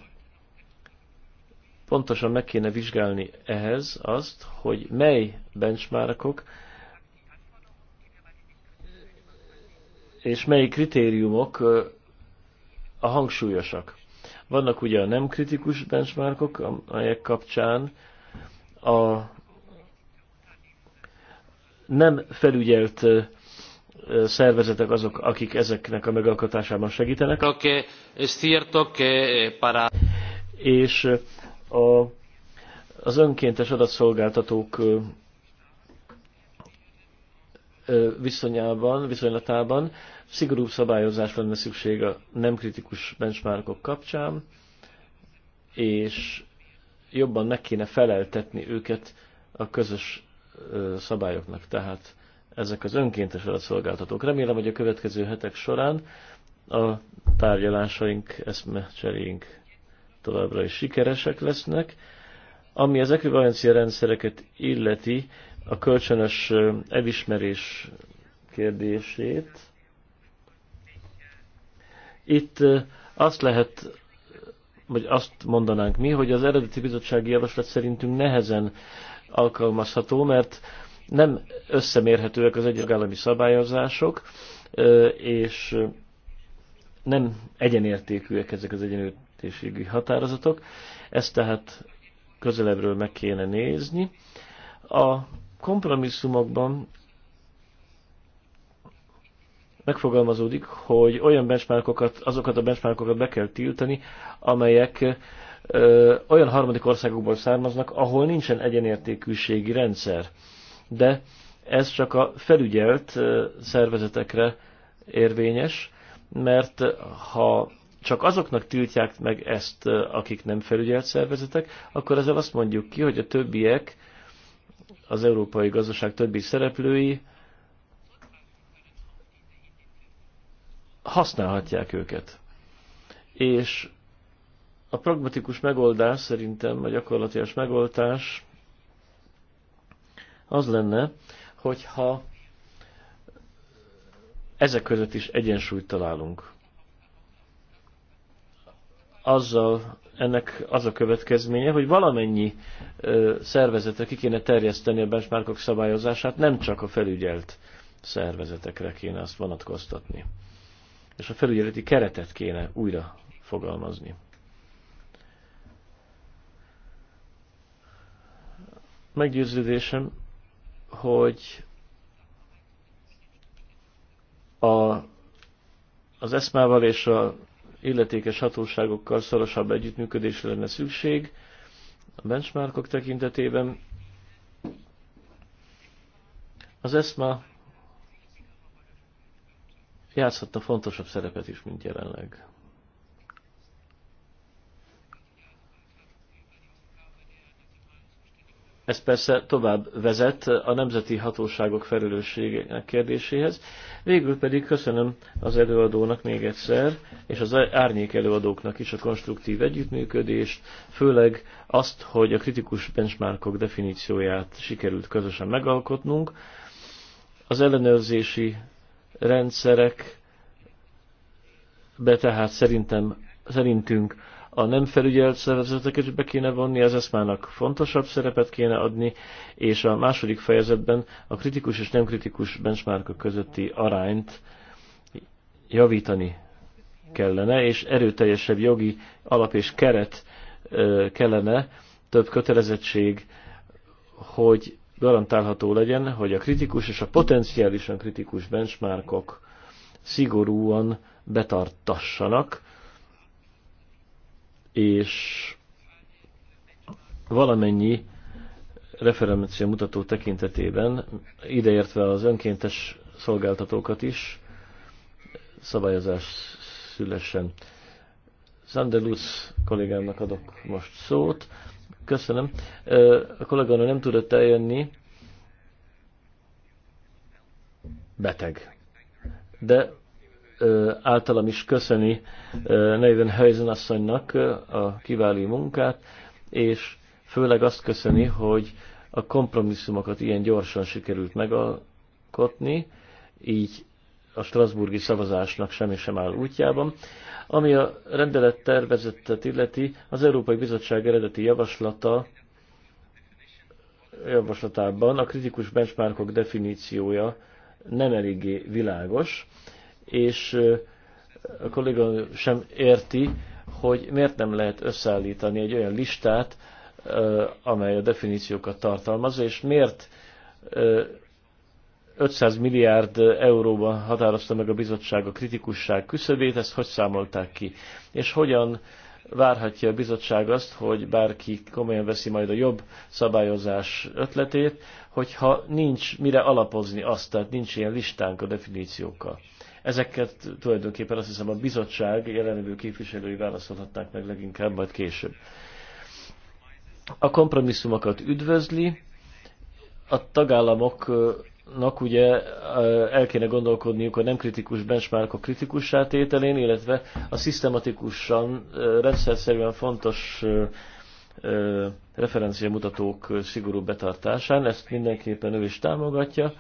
pontosan meg kéne vizsgálni ehhez azt, hogy mely benchmarkok és mely kritériumok a hangsúlyosak. Vannak ugye a nem kritikus benchmarkok, amelyek kapcsán a nem felügyelt szervezetek azok, akik ezeknek a megalkotásában segítenek. Eh, és a, az önkéntes adatszolgáltatók viszonyában, viszonylatában szigorúbb szabályozás lenne szükség a nem kritikus benchmarkok kapcsán, és jobban meg kéne feleltetni őket a közös szabályoknak, tehát ezek az önkéntes adatszolgáltatók. Remélem, hogy a következő hetek során a tárgyalásaink, eszmecseréink továbbra is sikeresek lesznek. Ami az ekvivalencia rendszereket illeti, a kölcsönös elismerés kérdését, itt azt lehet, vagy azt mondanánk mi, hogy az eredeti bizottsági javaslat szerintünk nehezen alkalmazható, mert nem összemérhetőek az egyes szabályozások, és nem egyenértékűek ezek az egyenértéségű határozatok. Ezt tehát közelebbről meg kéne nézni. A kompromisszumokban megfogalmazódik, hogy olyan benchmarkokat, azokat a benchmarkokat be kell tiltani, amelyek ö, olyan harmadik országokból származnak, ahol nincsen egyenértékűségi rendszer. De ez csak a felügyelt ö, szervezetekre érvényes, mert ha csak azoknak tiltják meg ezt, akik nem felügyelt szervezetek, akkor ezzel azt mondjuk ki, hogy a többiek, az európai gazdaság többi szereplői használhatják őket. És a pragmatikus megoldás szerintem, a gyakorlatilag megoldás az lenne, hogyha ezek között is egyensúlyt találunk. Azzal, ennek az a következménye, hogy valamennyi ö, szervezetre ki kéne terjeszteni a benchmarkok szabályozását, nem csak a felügyelt szervezetekre kéne azt vonatkoztatni. És a felügyeleti keretet kéne újra fogalmazni. Meggyőződésem, hogy a, az eszmával és a illetékes hatóságokkal szorosabb együttműködésre lenne szükség a benchmarkok tekintetében. Az eszma játszhatta fontosabb szerepet is, mint jelenleg. Ez persze tovább vezet a nemzeti hatóságok felelősségének kérdéséhez. Végül pedig köszönöm az előadónak még egyszer, és az árnyék előadóknak is a konstruktív együttműködést, főleg azt, hogy a kritikus benchmarkok definícióját sikerült közösen megalkotnunk. Az ellenőrzési rendszerek be tehát szerintem, szerintünk a nem felügyelt szervezeteket be kéne vonni, az eszmának fontosabb szerepet kéne adni, és a második fejezetben a kritikus és nem kritikus benchmarkok közötti arányt javítani kellene, és erőteljesebb jogi alap és keret kellene, több kötelezettség, hogy garantálható legyen, hogy a kritikus és a potenciálisan kritikus benchmarkok szigorúan betartassanak, és valamennyi referencia mutató tekintetében, ideértve az önkéntes szolgáltatókat is, szabályozás szülesen. Sander Lutz kollégámnak adok most szót. Köszönöm. A kolléganő nem tudott eljönni. Beteg. De általam is köszöni Neiden Heisen asszonynak a kiváló munkát, és főleg azt köszöni, hogy a kompromisszumokat ilyen gyorsan sikerült megalkotni, így a Strasburgi szavazásnak semmi sem áll útjában. Ami a rendelet tervezettet illeti, az Európai Bizottság eredeti javaslata javaslatában a kritikus benchmarkok definíciója nem eléggé világos, és a kolléga sem érti, hogy miért nem lehet összeállítani egy olyan listát, amely a definíciókat tartalmaz, és miért 500 milliárd euróban határozta meg a bizottság a kritikusság küszöbét, ezt hogy számolták ki? És hogyan várhatja a bizottság azt, hogy bárki komolyan veszi majd a jobb szabályozás ötletét, hogyha nincs mire alapozni azt, tehát nincs ilyen listánk a definíciókkal. Ezeket tulajdonképpen azt hiszem a bizottság jelenlevő képviselői válaszolhatnák meg leginkább majd később. A kompromisszumokat üdvözli, a tagállamoknak ugye el kéne gondolkodniuk a nem kritikus benchmarkok kritikus tételén, illetve a szisztematikusan, rendszerszerűen fontos referenciamutatók szigorú betartásán, ezt mindenképpen ő is támogatja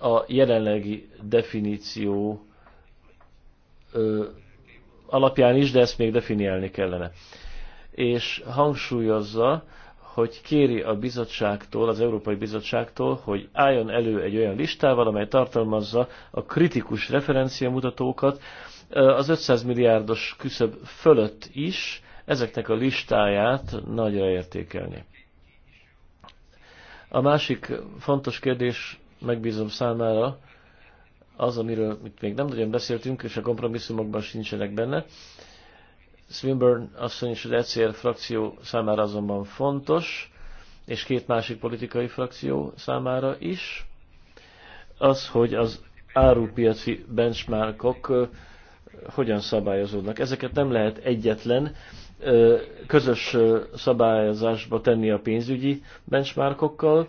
a jelenlegi definíció ö, alapján is, de ezt még definiálni kellene. És hangsúlyozza, hogy kéri a bizottságtól, az Európai Bizottságtól, hogy álljon elő egy olyan listával, amely tartalmazza a kritikus referenciamutatókat, az 500 milliárdos küszöb fölött is ezeknek a listáját nagyra értékelni. A másik fontos kérdés megbízom számára az, amiről itt még nem nagyon beszéltünk, és a kompromisszumokban sincsenek benne. Swinburne asszony és az ECR frakció számára azonban fontos, és két másik politikai frakció számára is, az, hogy az árupiaci benchmarkok hogyan szabályozódnak. Ezeket nem lehet egyetlen közös szabályozásba tenni a pénzügyi benchmarkokkal,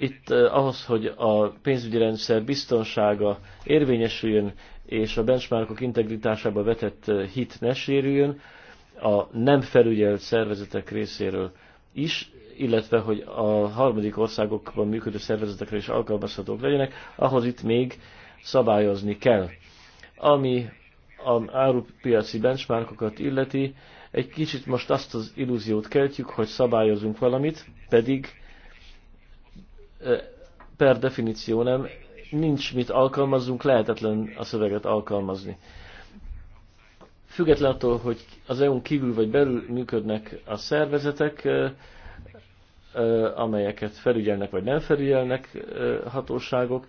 itt ahhoz, hogy a pénzügyi rendszer biztonsága érvényesüljön, és a benchmarkok integritásába vetett hit ne sérüljön, a nem felügyelt szervezetek részéről is, illetve hogy a harmadik országokban működő szervezetekre is alkalmazhatók legyenek, ahhoz itt még szabályozni kell. Ami a árupiaci benchmarkokat illeti, egy kicsit most azt az illúziót keltjük, hogy szabályozunk valamit, pedig per definíció nem, nincs mit alkalmazzunk, lehetetlen a szöveget alkalmazni. Független attól, hogy az EU-n kívül vagy belül működnek a szervezetek, amelyeket felügyelnek vagy nem felügyelnek hatóságok,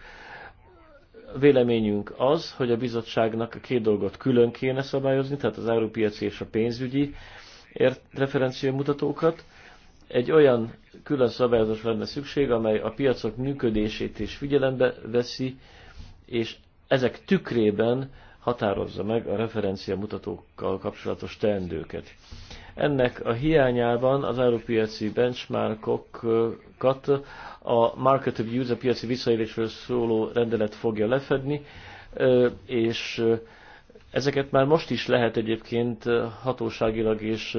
véleményünk az, hogy a bizottságnak a két dolgot külön kéne szabályozni, tehát az árupiaci és a pénzügyi referenciamutatókat, mutatókat, egy olyan külön szabályozás lenne szükség, amely a piacok működését is figyelembe veszi, és ezek tükrében határozza meg a referencia mutatókkal kapcsolatos teendőket. Ennek a hiányában az európiaci benchmarkokat a Market Abuse, a piaci visszaélésről szóló rendelet fogja lefedni, és ezeket már most is lehet egyébként hatóságilag és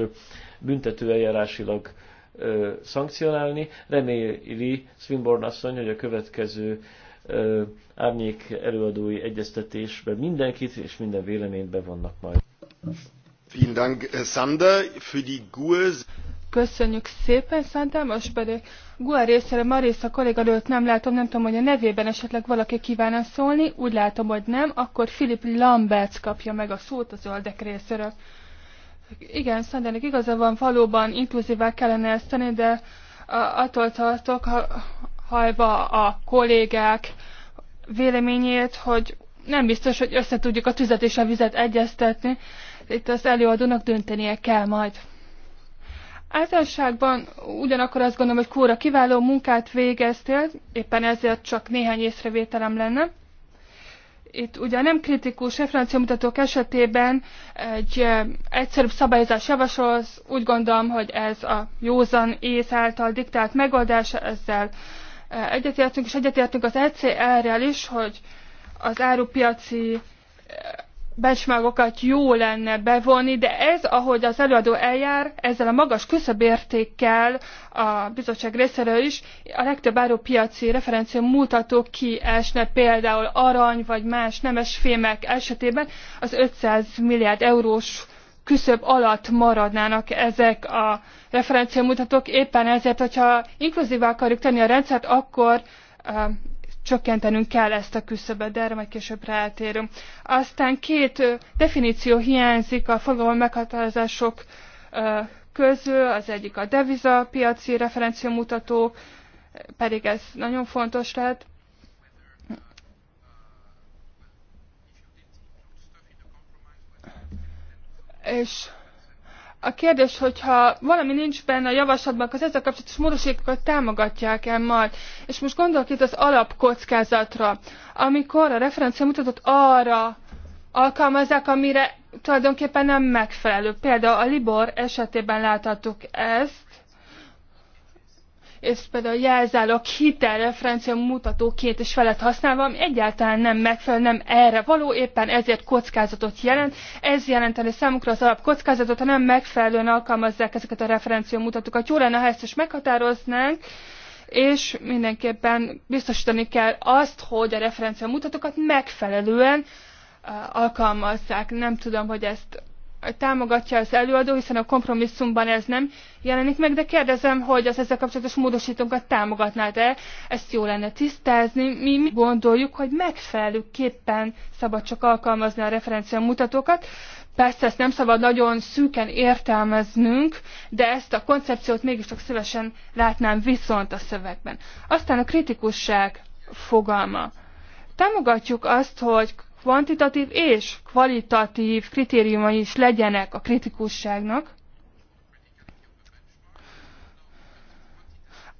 büntetőeljárásilag eljárásilag ö, szankcionálni. Reméli Swinburne asszony, hogy a következő ö, árnyék előadói egyeztetésben mindenkit és minden véleményt bevonnak majd. E Köszönjük szépen, Szentám, most pedig Gua e részére Marissa kolléganőt nem látom, nem tudom, hogy a nevében esetleg valaki kívánna szólni, úgy látom, hogy nem, akkor Filip Lamberts kapja meg a szót az öldek részéről. Igen, Szandának igaza van, valóban inkluzívá kellene ezt tenni, de attól tartok, ha, hajva a kollégák véleményét, hogy nem biztos, hogy összetudjuk a tüzet és a vizet egyeztetni. Itt az előadónak döntenie kell majd. Általánosságban ugyanakkor azt gondolom, hogy Kóra kiváló munkát végeztél, éppen ezért csak néhány észrevételem lenne itt ugye nem kritikus referenciamutatók esetében egy eh, egyszerűbb szabályozás javasol, úgy gondolom, hogy ez a józan ész által diktált megoldás, ezzel eh, egyetértünk, és egyetértünk az ECR-rel is, hogy az árupiaci eh, benchmarkokat jó lenne bevonni, de ez, ahogy az előadó eljár, ezzel a magas küszöbértékkel a bizottság részéről is a legtöbb árupiaci referencia mutató esne például arany vagy más nemes fémek esetében az 500 milliárd eurós küszöb alatt maradnának ezek a referenciamutatók. Éppen ezért, hogyha inkluzívá akarjuk tenni a rendszert, akkor csökkentenünk kell ezt a küszöbet, de erre majd később rátérünk. Aztán két definíció hiányzik a fogalom meghatározások közül, az egyik a deviza piaci referenciamutató, pedig ez nagyon fontos lehet. És a kérdés, hogyha valami nincs benne a javaslatban, akkor az ezzel kapcsolatos módosítókat támogatják-e majd. És most gondolok itt az alapkockázatra, amikor a referencia mutatott arra alkalmazzák, amire tulajdonképpen nem megfelelő. Például a Libor esetében láthattuk ezt, ezt például a hitel referencia mutatóként is felett használva, ami egyáltalán nem megfelelő, nem erre való, éppen ezért kockázatot jelent. Ez jelenteni számukra az alap kockázatot, ha nem megfelelően alkalmazzák ezeket a referencia mutatókat. Jó lenne, ha ezt is meghatároznánk, és mindenképpen biztosítani kell azt, hogy a referencia mutatókat megfelelően eh, alkalmazzák. Nem tudom, hogy ezt támogatja az előadó, hiszen a kompromisszumban ez nem jelenik meg, de kérdezem, hogy az ezzel kapcsolatos módosítókat támogatnád-e, ezt jó lenne tisztázni. Mi, mi gondoljuk, hogy megfelelőképpen szabad csak alkalmazni a referencia mutatókat, Persze ezt nem szabad nagyon szűken értelmeznünk, de ezt a koncepciót mégiscsak szívesen látnám viszont a szövegben. Aztán a kritikusság fogalma. Támogatjuk azt, hogy kvantitatív és kvalitatív kritériumai is legyenek a kritikusságnak.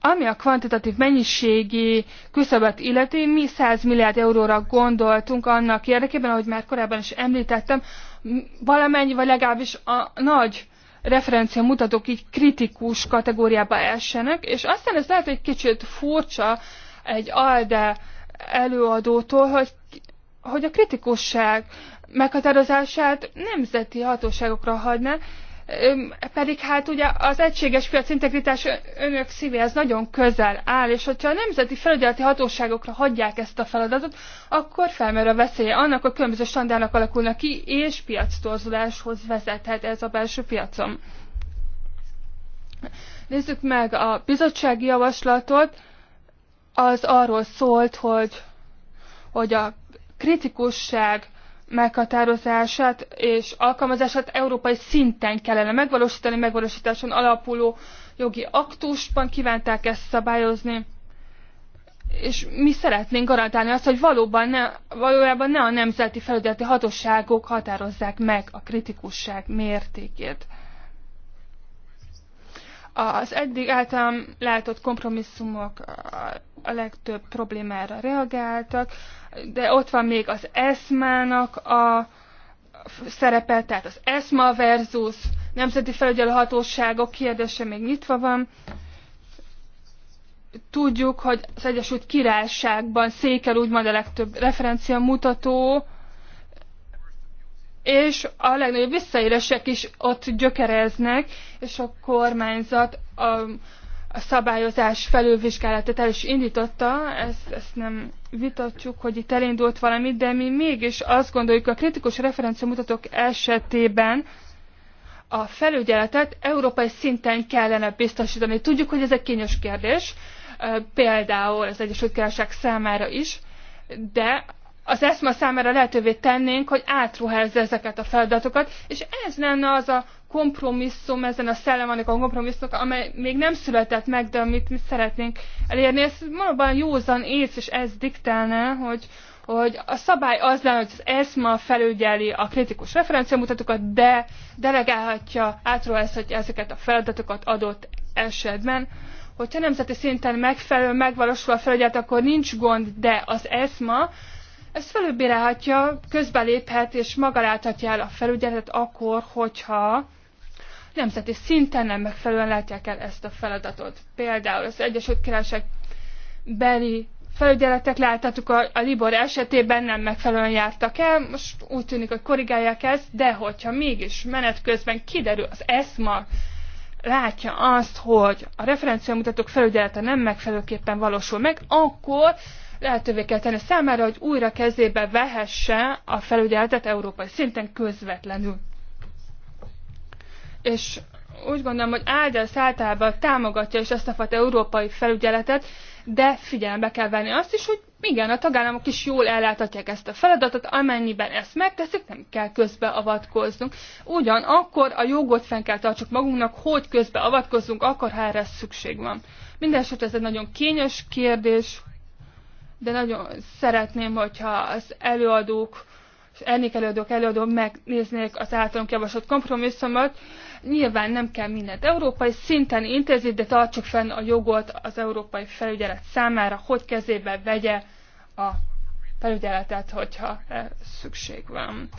Ami a kvantitatív mennyiségi küszöböt illeti, mi 100 milliárd euróra gondoltunk annak érdekében, ahogy már korábban is említettem, valamennyi, vagy legalábbis a nagy referencia mutatók így kritikus kategóriába essenek, és aztán ez lehet egy kicsit furcsa egy ALDE előadótól, hogy hogy a kritikusság meghatározását nemzeti hatóságokra hagyná, pedig hát ugye az egységes piac integritás önök szívéhez nagyon közel áll, és hogyha a nemzeti felügyeleti hatóságokra hagyják ezt a feladatot, akkor felmerül a veszélye annak, hogy különböző standárnak alakulnak ki, és piac torzuláshoz vezethet ez a belső piacon. Nézzük meg a bizottsági javaslatot. Az arról szólt, hogy, hogy a kritikusság meghatározását és alkalmazását európai szinten kellene megvalósítani, megvalósításon alapuló jogi aktusban kívánták ezt szabályozni és mi szeretnénk garantálni azt, hogy valóban ne, valójában ne a nemzeti felügyeleti hatóságok határozzák meg a kritikusság mértékét az eddig általam látott kompromisszumok a legtöbb problémára reagáltak, de ott van még az ESMA-nak a szerepe, tehát az ESMA versus nemzeti felügyelőhatóságok kérdése még nyitva van. Tudjuk, hogy az Egyesült Királyságban székel úgymond a legtöbb referencia mutató, és a legnagyobb visszaélések is ott gyökereznek, és a kormányzat a, a szabályozás felülvizsgálatát el is indította, ezt, ezt nem vitatjuk, hogy itt elindult valami, de mi mégis azt gondoljuk, a kritikus referenciamutatók esetében a felügyeletet európai szinten kellene biztosítani. Tudjuk, hogy ez egy kényes kérdés, például az Egyesült Királyság számára is, de az ESMA számára lehetővé tennénk, hogy átruházza ezeket a feladatokat, és ez lenne az a kompromisszum, ezen a szellemonik a kompromisszumok, amely még nem született meg, de amit mi szeretnénk elérni. Ez valóban józan ész, és ez diktálná, hogy, hogy a szabály az lenne, hogy az ESMA felügyeli a kritikus referenciamutatókat, de delegálhatja, átruházhatja ezeket a feladatokat adott esetben hogyha nemzeti szinten megfelelő, megvalósul a felügyelet, akkor nincs gond, de az ESMA ez felülbírálhatja, közbeléphet és maga láthatja el a felügyeletet akkor, hogyha nemzeti szinten nem megfelelően látják el ezt a feladatot. Például az Egyesült Királyság beli felügyeletek láthatjuk a, a Libor esetében nem megfelelően jártak el, most úgy tűnik, hogy korrigálják ezt, de hogyha mégis menet közben kiderül az ESMA látja azt, hogy a referenciamutatók felügyelete nem megfelelőképpen valósul meg, akkor lehetővé kell tenni számára, hogy újra kezébe vehesse a felügyeletet európai szinten közvetlenül. És úgy gondolom, hogy Áldász általában támogatja is ezt a fajta európai felügyeletet, de figyelembe kell venni azt is, hogy igen, a tagállamok is jól elláthatják ezt a feladatot, amennyiben ezt megteszik, nem kell közbeavatkoznunk. Ugyanakkor a jogot fenn kell tartsuk magunknak, hogy közbeavatkozzunk, akkor ha erre szükség van. Mindenesetre ez egy nagyon kényes kérdés, de nagyon szeretném, hogyha az előadók, az elnék előadók előadók megnéznék az általunk javasolt kompromisszumot. Nyilván nem kell mindent európai szinten intézni, de tartsuk fenn a jogot az európai felügyelet számára, hogy kezébe vegye a felügyeletet, hogyha szükség van.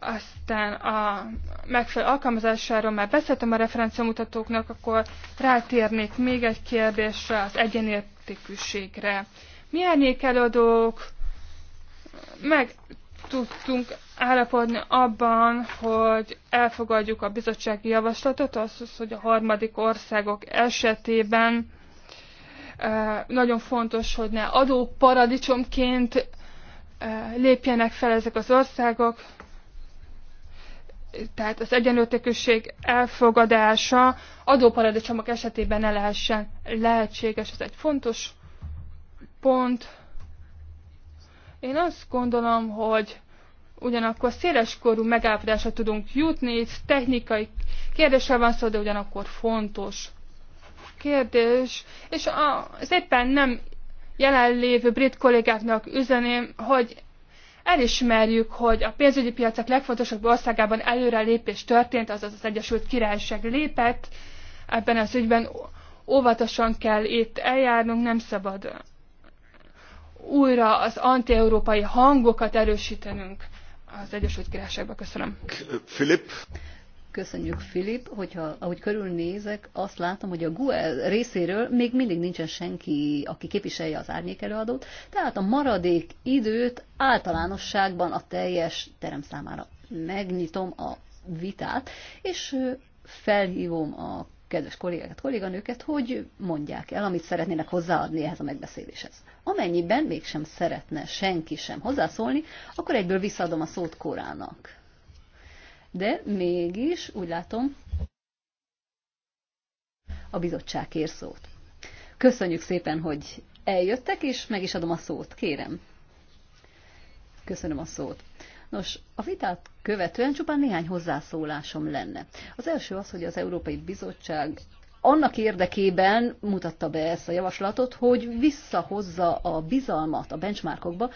Aztán a megfelelő alkalmazásáról már beszéltem a referenciamutatóknak, akkor rátérnék még egy kérdésre, az egyenértékűségre. Mi árnyékelődők meg tudtunk állapodni abban, hogy elfogadjuk a bizottsági javaslatot, az, hogy a harmadik országok esetében eh, nagyon fontos, hogy ne adóparadicsomként eh, lépjenek fel ezek az országok, tehát az egyenlőtékűség elfogadása adóparadicsomok esetében ne lehessen lehetséges, ez egy fontos pont. Én azt gondolom, hogy ugyanakkor széleskorú megállapodásra tudunk jutni, itt technikai kérdésre van szó, de ugyanakkor fontos kérdés, és az éppen nem jelenlévő brit kollégáknak üzeném, hogy elismerjük, hogy a pénzügyi piacok legfontosabb országában előrelépés történt, azaz az Egyesült Királyság lépett, ebben az ügyben óvatosan kell itt eljárnunk, nem szabad újra az antieurópai hangokat erősítenünk az Egyesült Királyságba. Köszönöm. Filip. Köszönjük, Filip. Hogyha, ahogy körülnézek, azt látom, hogy a GUE részéről még mindig nincsen senki, aki képviselje az árnyék előadót, tehát a maradék időt általánosságban a teljes terem számára megnyitom a vitát, és felhívom a kedves kollégákat, kolléganőket, hogy mondják el, amit szeretnének hozzáadni ehhez a megbeszéléshez amennyiben mégsem szeretne senki sem hozzászólni, akkor egyből visszaadom a szót korának. De mégis úgy látom, a bizottság kér szót. Köszönjük szépen, hogy eljöttek, és meg is adom a szót, kérem. Köszönöm a szót. Nos, a vitát követően csupán néhány hozzászólásom lenne. Az első az, hogy az Európai Bizottság annak érdekében mutatta be ezt a javaslatot, hogy visszahozza a bizalmat a benchmarkokba,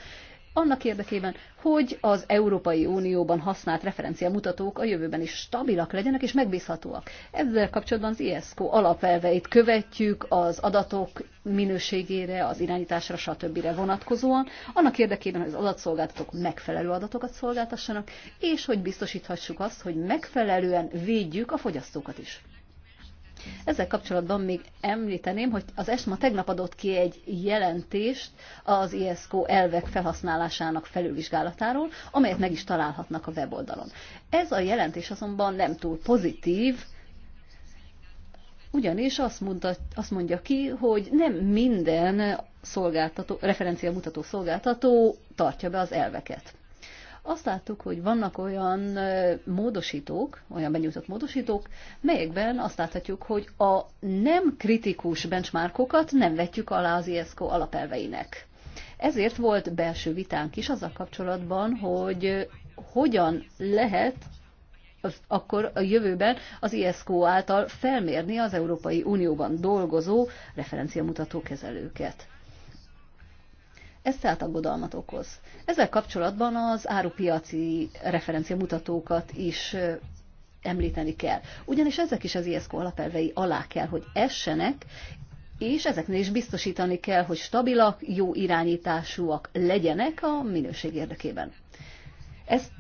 annak érdekében, hogy az Európai Unióban használt referenciamutatók a jövőben is stabilak legyenek és megbízhatóak. Ezzel kapcsolatban az ISCO alapelveit követjük az adatok minőségére, az irányításra, stb. vonatkozóan, annak érdekében, hogy az adatszolgáltatók megfelelő adatokat szolgáltassanak, és hogy biztosíthassuk azt, hogy megfelelően védjük a fogyasztókat is. Ezzel kapcsolatban még említeném, hogy az ESMA tegnap adott ki egy jelentést az ISCO elvek felhasználásának felülvizsgálatáról, amelyet meg is találhatnak a weboldalon. Ez a jelentés azonban nem túl pozitív, ugyanis azt, mondta, azt mondja ki, hogy nem minden szolgáltató, referencia mutató szolgáltató tartja be az elveket azt láttuk, hogy vannak olyan módosítók, olyan benyújtott módosítók, melyekben azt láthatjuk, hogy a nem kritikus benchmarkokat nem vetjük alá az ISCO alapelveinek. Ezért volt belső vitánk is azzal kapcsolatban, hogy hogyan lehet akkor a jövőben az ISCO által felmérni az Európai Unióban dolgozó referenciamutató kezelőket. Ez tehát aggodalmat okoz. Ezzel kapcsolatban az árupiaci referenciamutatókat is említeni kell. Ugyanis ezek is az ISZKO alapelvei alá kell, hogy essenek, és ezeknél is biztosítani kell, hogy stabilak, jó irányításúak legyenek a minőség érdekében. Ezt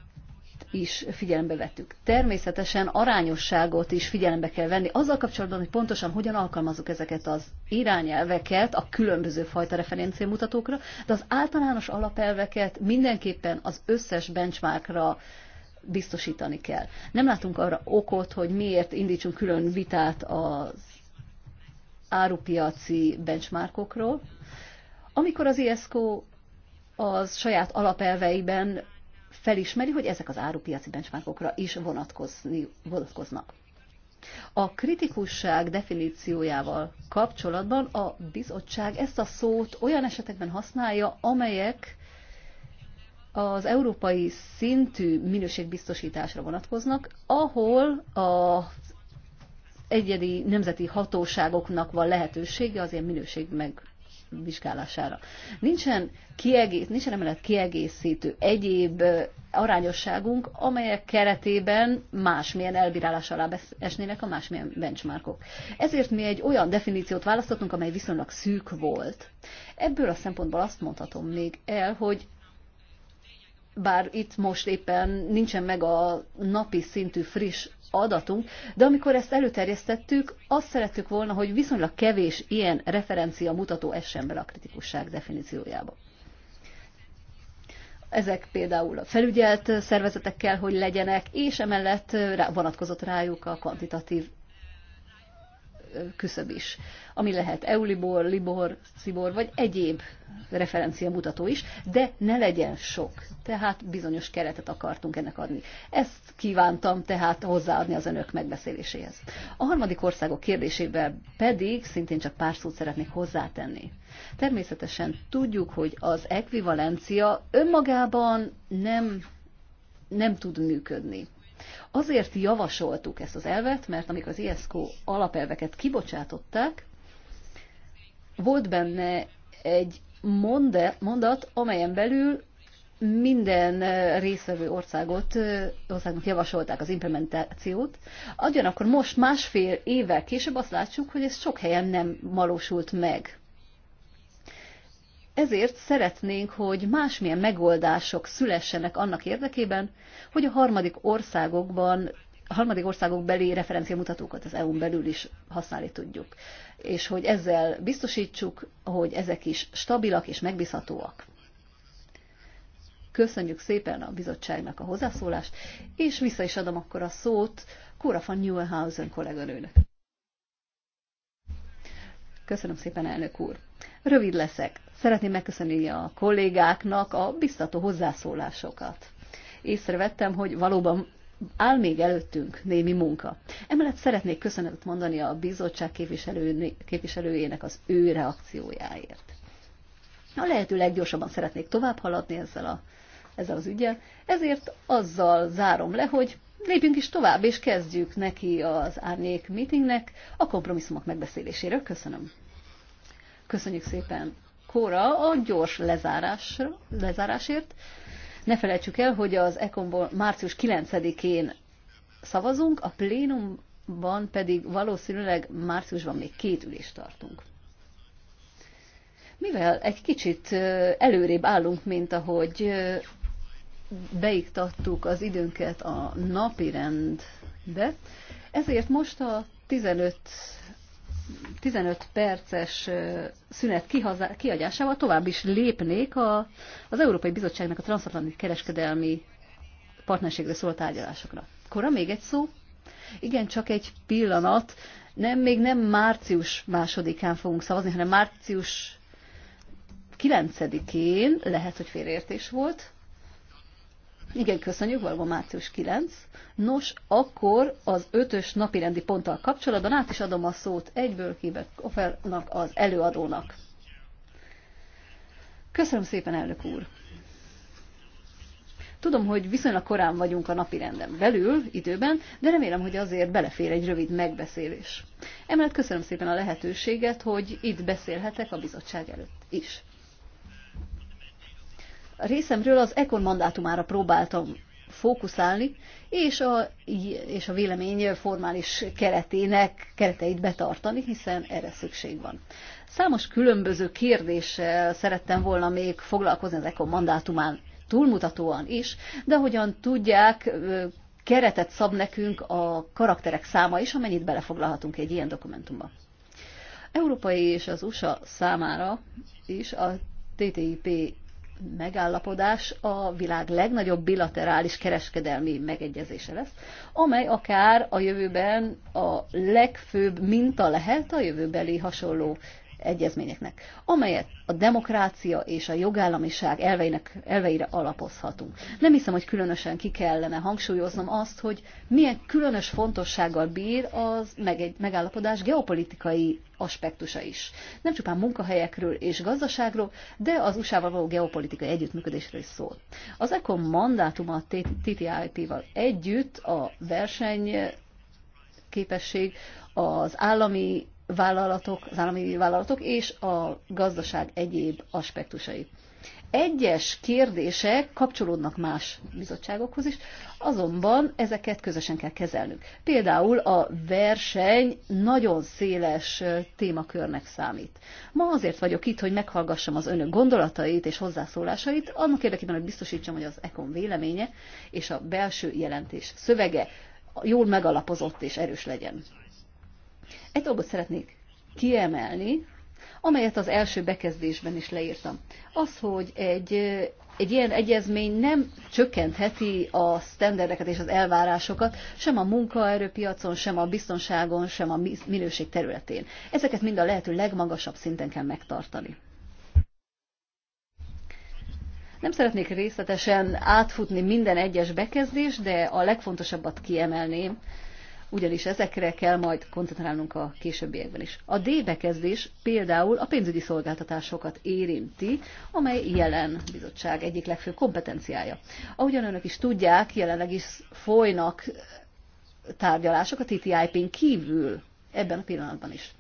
is figyelembe vettük. Természetesen arányosságot is figyelembe kell venni azzal kapcsolatban, hogy pontosan hogyan alkalmazunk ezeket az irányelveket a különböző fajta referenciamutatókra, de az általános alapelveket mindenképpen az összes benchmarkra biztosítani kell. Nem látunk arra okot, hogy miért indítsunk külön vitát az árupiaci benchmarkokról, amikor az ISCO az saját alapelveiben felismeri, hogy ezek az árupiaci benchmarkokra is vonatkozni, vonatkoznak. A kritikusság definíciójával kapcsolatban a bizottság ezt a szót olyan esetekben használja, amelyek az európai szintű minőségbiztosításra vonatkoznak, ahol az egyedi nemzeti hatóságoknak van lehetősége az ilyen minőség meg vizsgálására. Nincsen, kiegész, nincsen emellett kiegészítő egyéb arányosságunk, amelyek keretében másmilyen elbírálás alá esnének a másmilyen benchmarkok. Ezért mi egy olyan definíciót választottunk, amely viszonylag szűk volt. Ebből a szempontból azt mondhatom még el, hogy bár itt most éppen nincsen meg a napi szintű friss adatunk, de amikor ezt előterjesztettük, azt szerettük volna, hogy viszonylag kevés ilyen referencia mutató essen bele a kritikusság definíciójába. Ezek például a felügyelt szervezetekkel, hogy legyenek, és emellett vonatkozott rájuk a kvantitatív küszöb is, ami lehet Eulibor, Libor, Szibor vagy egyéb referencia mutató is, de ne legyen sok. Tehát bizonyos keretet akartunk ennek adni. Ezt kívántam tehát hozzáadni az önök megbeszéléséhez. A harmadik országok kérdésével pedig szintén csak pár szót szeretnék hozzátenni. Természetesen tudjuk, hogy az ekvivalencia önmagában nem, nem tud működni Azért javasoltuk ezt az elvet, mert amikor az ISCO alapelveket kibocsátották, volt benne egy mondat, amelyen belül minden részvevő országot, országnak javasolták az implementációt. Ugyanakkor most másfél évvel később azt látjuk, hogy ez sok helyen nem valósult meg. Ezért szeretnénk, hogy másmilyen megoldások szülessenek annak érdekében, hogy a harmadik országokban a harmadik országok beli referenciamutatókat az EU-n belül is használni tudjuk, és hogy ezzel biztosítsuk, hogy ezek is stabilak és megbízhatóak. Köszönjük szépen a bizottságnak a hozzászólást, és vissza is adom akkor a szót Kóra van Neuenhausen kolléganőnek. Köszönöm szépen, elnök úr. Rövid leszek. Szeretném megköszönni a kollégáknak a biztató hozzászólásokat. Észrevettem, hogy valóban áll még előttünk némi munka. Emellett szeretnék köszönetet mondani a bizottság képviselőjének az ő reakciójáért. A lehető leggyorsabban szeretnék tovább haladni ezzel, a, ezzel az ügyel, ezért azzal zárom le, hogy lépjünk is tovább, és kezdjük neki az árnyék meetingnek a kompromisszumok megbeszéléséről. Köszönöm. Köszönjük szépen kora a gyors lezárásra, lezárásért. Ne felejtsük el, hogy az ECOM-ból március 9-én szavazunk, a plénumban pedig valószínűleg márciusban még két ülést tartunk. Mivel egy kicsit előrébb állunk, mint ahogy beiktattuk az időnket a napi rendbe, ezért most a 15 15 perces szünet kihazá, tovább is lépnék a, az Európai Bizottságnak a transatlanti kereskedelmi partnerségre szóló tárgyalásokra. Kora még egy szó? Igen, csak egy pillanat. Nem, még nem március másodikán fogunk szavazni, hanem március 9-én, lehet, hogy félreértés volt, igen, köszönjük, valóban március 9. Nos, akkor az ötös napirendi ponttal kapcsolatban át is adom a szót egyből Hébert Kofelnak, az előadónak. Köszönöm szépen, elnök úr! Tudom, hogy viszonylag korán vagyunk a napirenden belül, időben, de remélem, hogy azért belefér egy rövid megbeszélés. Emellett köszönöm szépen a lehetőséget, hogy itt beszélhetek a bizottság előtt is részemről az ECON mandátumára próbáltam fókuszálni, és a, és a vélemény formális keretének kereteit betartani, hiszen erre szükség van. Számos különböző kérdéssel szerettem volna még foglalkozni az ECON mandátumán túlmutatóan is, de hogyan tudják, keretet szab nekünk a karakterek száma is, amennyit belefoglalhatunk egy ilyen dokumentumba. Európai és az USA számára is a TTIP megállapodás a világ legnagyobb bilaterális kereskedelmi megegyezése lesz, amely akár a jövőben a legfőbb minta lehet a jövőbeli hasonló egyezményeknek, amelyet a demokrácia és a jogállamiság elveinek, elveire alapozhatunk. Nem hiszem, hogy különösen ki kellene hangsúlyoznom azt, hogy milyen különös fontossággal bír az meg egy megállapodás geopolitikai aspektusa is. Nem csupán munkahelyekről és gazdaságról, de az USA-val való geopolitikai együttműködésről is szól. Az ECO mandátuma a TTIP-val együtt a verseny képesség, az állami vállalatok, az állami vállalatok és a gazdaság egyéb aspektusai. Egyes kérdések kapcsolódnak más bizottságokhoz is, azonban ezeket közösen kell kezelnünk. Például a verseny nagyon széles témakörnek számít. Ma azért vagyok itt, hogy meghallgassam az önök gondolatait és hozzászólásait, annak érdekében, hogy biztosítsam, hogy az econ véleménye és a belső jelentés szövege jól megalapozott és erős legyen. Egy dolgot szeretnék kiemelni, amelyet az első bekezdésben is leírtam. Az, hogy egy, egy ilyen egyezmény nem csökkentheti a sztenderdeket és az elvárásokat sem a munkaerőpiacon, sem a biztonságon, sem a minőség területén. Ezeket mind a lehető legmagasabb szinten kell megtartani. Nem szeretnék részletesen átfutni minden egyes bekezdés, de a legfontosabbat kiemelném, ugyanis ezekre kell majd koncentrálnunk a későbbiekben is. A D bekezdés például a pénzügyi szolgáltatásokat érinti, amely jelen bizottság egyik legfőbb kompetenciája. Ahogyan önök is tudják, jelenleg is folynak tárgyalások a TTIP-n kívül ebben a pillanatban is.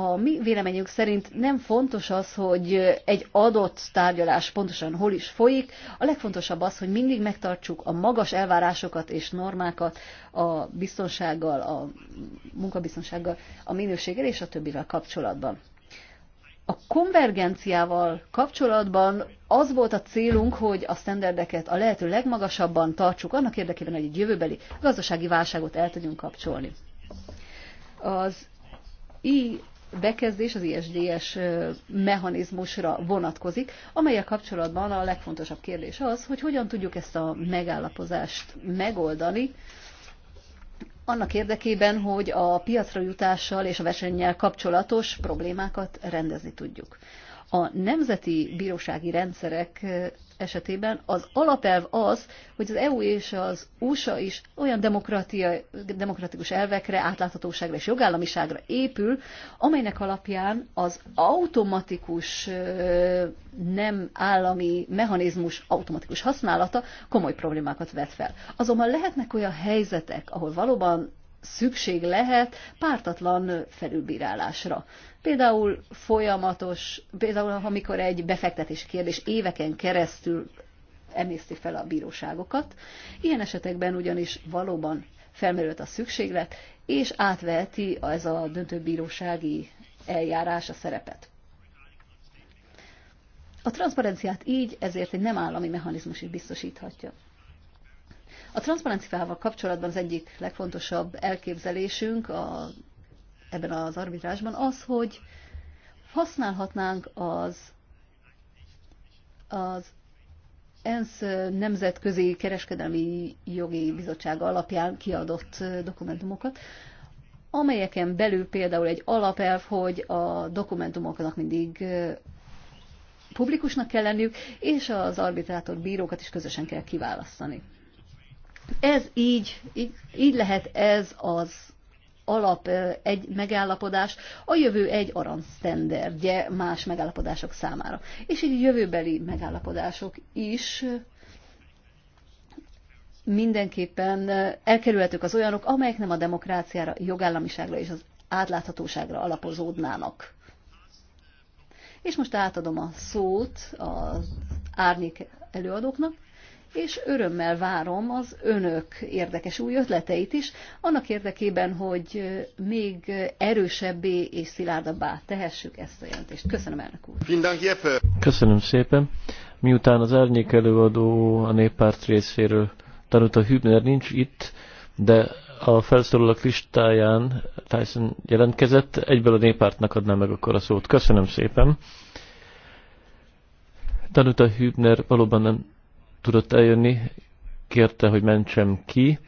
A mi véleményünk szerint nem fontos az, hogy egy adott tárgyalás pontosan hol is folyik, a legfontosabb az, hogy mindig megtartsuk a magas elvárásokat és normákat a biztonsággal, a munkabiztonsággal, a minőséggel és a többivel kapcsolatban. A konvergenciával kapcsolatban az volt a célunk, hogy a sztenderdeket a lehető legmagasabban tartsuk, annak érdekében, hogy egy jövőbeli gazdasági válságot el tudjunk kapcsolni. Az bekezdés az ISDS mechanizmusra vonatkozik, amelyek kapcsolatban a legfontosabb kérdés az, hogy hogyan tudjuk ezt a megállapozást megoldani, annak érdekében, hogy a piacra jutással és a versennyel kapcsolatos problémákat rendezni tudjuk. A nemzeti bírósági rendszerek esetében az alapelv az, hogy az EU és az USA is olyan demokratikus elvekre, átláthatóságra és jogállamiságra épül, amelynek alapján az automatikus nem állami mechanizmus automatikus használata komoly problémákat vet fel. Azonban lehetnek olyan helyzetek, ahol valóban szükség lehet pártatlan felülbírálásra. Például folyamatos, például amikor egy befektetés kérdés éveken keresztül emészti fel a bíróságokat, ilyen esetekben ugyanis valóban felmerült a szükséglet, és átveheti ez a döntőbírósági eljárás a szerepet. A transzparenciát így ezért egy nem állami mechanizmus is biztosíthatja. A transzparenciával kapcsolatban az egyik legfontosabb elképzelésünk a, ebben az arbitrásban az, hogy használhatnánk az, az ENSZ Nemzetközi Kereskedelmi Jogi Bizottsága alapján kiadott dokumentumokat, amelyeken belül például egy alapelv, hogy a dokumentumoknak mindig publikusnak kell lenniük, és az arbitrátor bírókat is közösen kell kiválasztani. Ez így, így, így lehet ez az alap egy megállapodás, a jövő egy aransztenderdje más megállapodások számára. És így jövőbeli megállapodások is mindenképpen elkerülhetők az olyanok, amelyek nem a demokráciára, jogállamiságra és az átláthatóságra alapozódnának. És most átadom a szót az árnyék előadóknak és örömmel várom az önök érdekes új ötleteit is, annak érdekében, hogy még erősebbé és szilárdabbá tehessük ezt a jelentést. Köszönöm, elnök úr! Köszönöm szépen! Miután az árnyék előadó a néppárt részéről a Hübner nincs itt, de a felszólalók listáján Tyson jelentkezett, egyből a néppártnak adnám meg akkor a szót. Köszönöm szépen! Tanuta Hübner valóban nem tudott eljönni, kérte, hogy mentsem ki,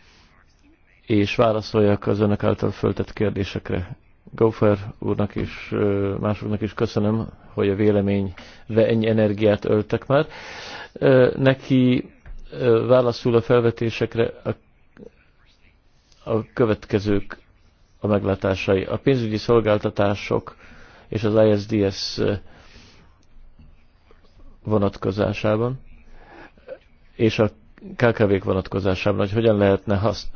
és válaszoljak az önök által föltett kérdésekre. Gófer úrnak és másoknak is köszönöm, hogy a ve ennyi energiát öltek már. Neki válaszul a felvetésekre a, a következők a meglátásai. A pénzügyi szolgáltatások és az ISDS vonatkozásában és a KKV-k vonatkozásában, hogy hogyan lehetne hasz,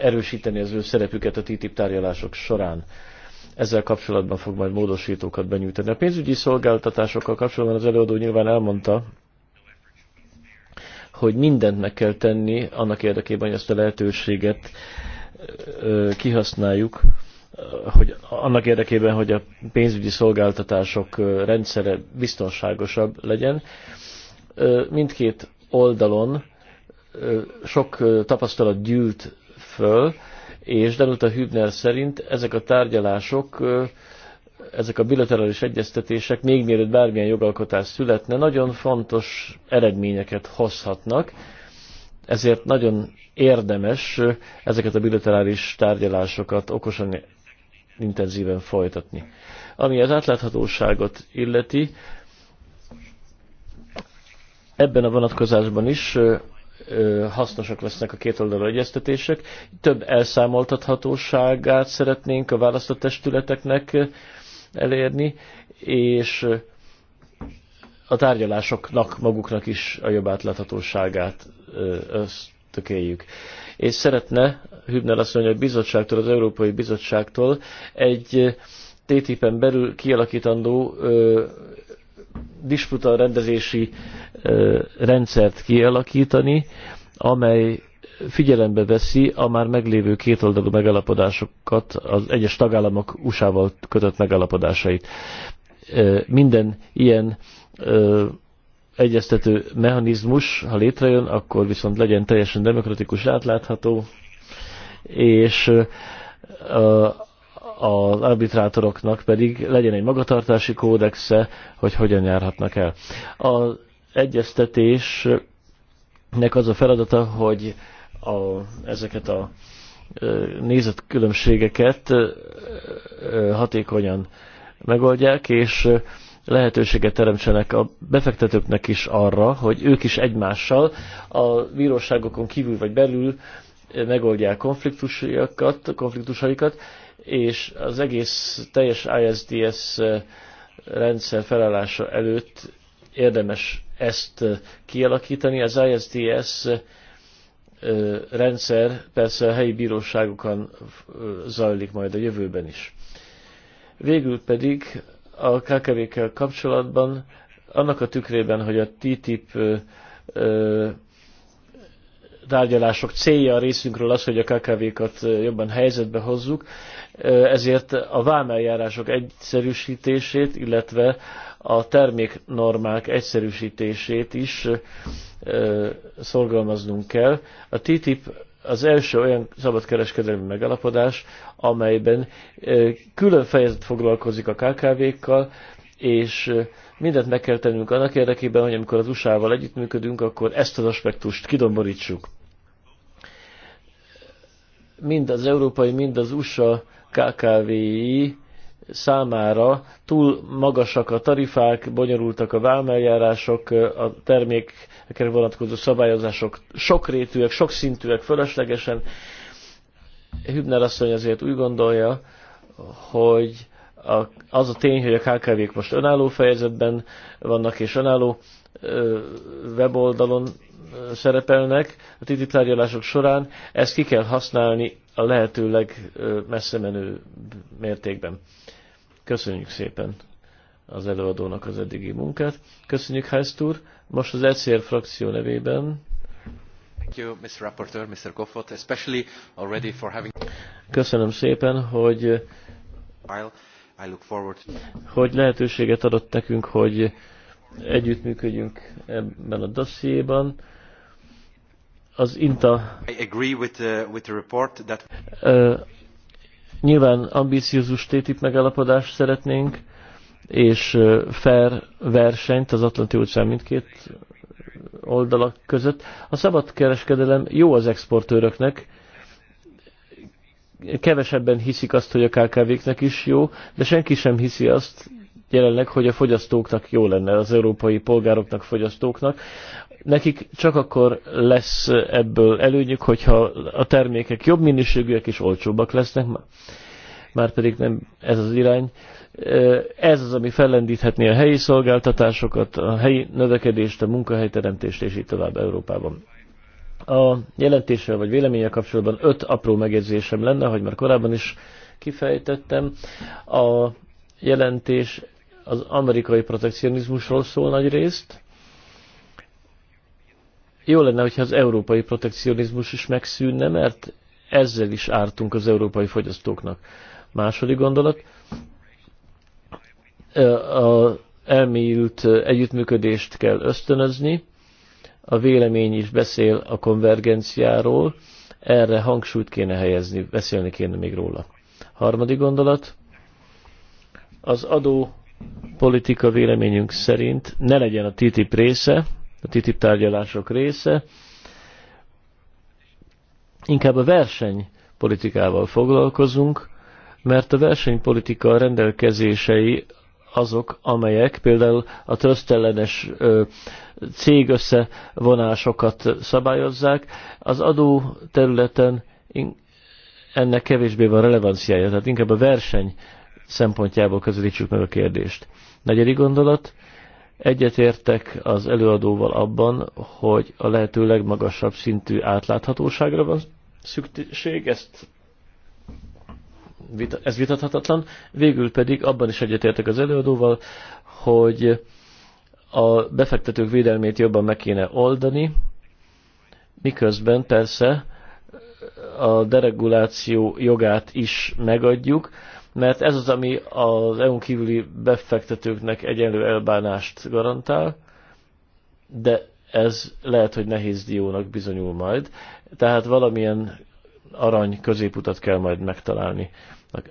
erősíteni az ő szerepüket a TTIP tárgyalások során. Ezzel kapcsolatban fog majd módosítókat benyújtani. A pénzügyi szolgáltatásokkal kapcsolatban az előadó nyilván elmondta, hogy mindent meg kell tenni annak érdekében, hogy ezt a lehetőséget kihasználjuk, hogy annak érdekében, hogy a pénzügyi szolgáltatások rendszere biztonságosabb legyen mindkét oldalon sok tapasztalat gyűlt föl, és Danuta Hübner szerint ezek a tárgyalások, ezek a bilaterális egyeztetések, még mielőtt bármilyen jogalkotás születne, nagyon fontos eredményeket hozhatnak, ezért nagyon érdemes ezeket a bilaterális tárgyalásokat okosan, intenzíven folytatni. Ami az átláthatóságot illeti, ebben a vonatkozásban is hasznosak lesznek a kétoldalú egyeztetések. Több elszámoltathatóságát szeretnénk a választott testületeknek elérni, és a tárgyalásoknak maguknak is a jobb átláthatóságát ösztökéljük. És szeretne Hübner asszony a bizottságtól, az Európai Bizottságtól egy TTIP-en belül kialakítandó ö, disputa rendezési rendszert kialakítani, amely figyelembe veszi a már meglévő kétoldalú megalapodásokat, az egyes tagállamok USA-val kötött megalapodásait. Minden ilyen egyeztető mechanizmus, ha létrejön, akkor viszont legyen teljesen demokratikus, átlátható, és az arbitrátoroknak pedig legyen egy magatartási kódexe, hogy hogyan járhatnak el. A egyeztetésnek az a feladata, hogy a, ezeket a nézetkülönbségeket hatékonyan megoldják, és lehetőséget teremtsenek a befektetőknek is arra, hogy ők is egymással a bíróságokon kívül vagy belül megoldják konfliktusaikat, konfliktusaikat és az egész teljes ISDS rendszer felállása előtt érdemes ezt kialakítani. Az ISDS rendszer persze a helyi bíróságokon zajlik majd a jövőben is. Végül pedig a kkv kapcsolatban annak a tükrében, hogy a TTIP tárgyalások célja a részünkről az, hogy a KKV-kat jobban helyzetbe hozzuk, ezért a vámeljárások egyszerűsítését, illetve a terméknormák egyszerűsítését is szorgalmaznunk kell. A TTIP az első olyan szabadkereskedelmi megalapodás, amelyben külön fejezet foglalkozik a KKV-kkal, és mindent meg kell tennünk annak érdekében, hogy amikor az USA-val együttműködünk, akkor ezt az aspektust kidomborítsuk. Mind az európai, mind az USA KKV-i számára túl magasak a tarifák, bonyolultak a vámeljárások, a termékekre vonatkozó szabályozások sokrétűek, sokszintűek, fölöslegesen. Hübner asszony azért úgy gondolja, hogy a, az a tény, hogy a KKV-k most önálló fejezetben vannak és önálló ö, weboldalon ö, szerepelnek a tititárgyalások során, ezt ki kell használni a lehető legmesszemenő mértékben. Köszönjük szépen az előadónak az eddigi munkát. Köszönjük, Heist úr. Most az ECR frakció nevében. Köszönöm szépen, hogy hogy lehetőséget adott nekünk, hogy együttműködjünk ebben a dossziéban. Az INTA uh, Nyilván ambíciózus TTIP megállapodást szeretnénk, és fair versenyt az Atlanti óceán mindkét oldalak között. A kereskedelem jó az exportőröknek, kevesebben hiszik azt, hogy a KKV-knek is jó, de senki sem hiszi azt, jelenleg, hogy a fogyasztóknak jó lenne, az európai polgároknak, fogyasztóknak. Nekik csak akkor lesz ebből előnyük, hogyha a termékek jobb minőségűek és olcsóbbak lesznek, már pedig nem ez az irány. Ez az, ami fellendíthetné a helyi szolgáltatásokat, a helyi növekedést, a munkahelyteremtést és így tovább Európában. A jelentéssel vagy véleménye kapcsolatban öt apró megjegyzésem lenne, hogy már korábban is kifejtettem. A jelentés az amerikai protekcionizmusról szól nagy részt. Jó lenne, hogyha az európai protekcionizmus is megszűnne, mert ezzel is ártunk az európai fogyasztóknak. Második gondolat, a elmélyült együttműködést kell ösztönözni, a vélemény is beszél a konvergenciáról, erre hangsúlyt kéne helyezni, beszélni kéne még róla. Harmadik gondolat, az adó politika véleményünk szerint ne legyen a TTIP része, a TTIP tárgyalások része, inkább a versenypolitikával foglalkozunk, mert a versenypolitika rendelkezései azok, amelyek például a trösztellenes cég összevonásokat szabályozzák, az adó területen ennek kevésbé van relevanciája, tehát inkább a verseny szempontjából közelítsük meg a kérdést. Negyedik gondolat, egyetértek az előadóval abban, hogy a lehető legmagasabb szintű átláthatóságra van szükség, ezt ez vitathatatlan. Végül pedig abban is egyetértek az előadóval, hogy a befektetők védelmét jobban meg kéne oldani, miközben persze a dereguláció jogát is megadjuk, mert ez az, ami az EU-n kívüli befektetőknek egyenlő elbánást garantál, de ez lehet, hogy nehéz diónak bizonyul majd, tehát valamilyen arany középutat kell majd megtalálni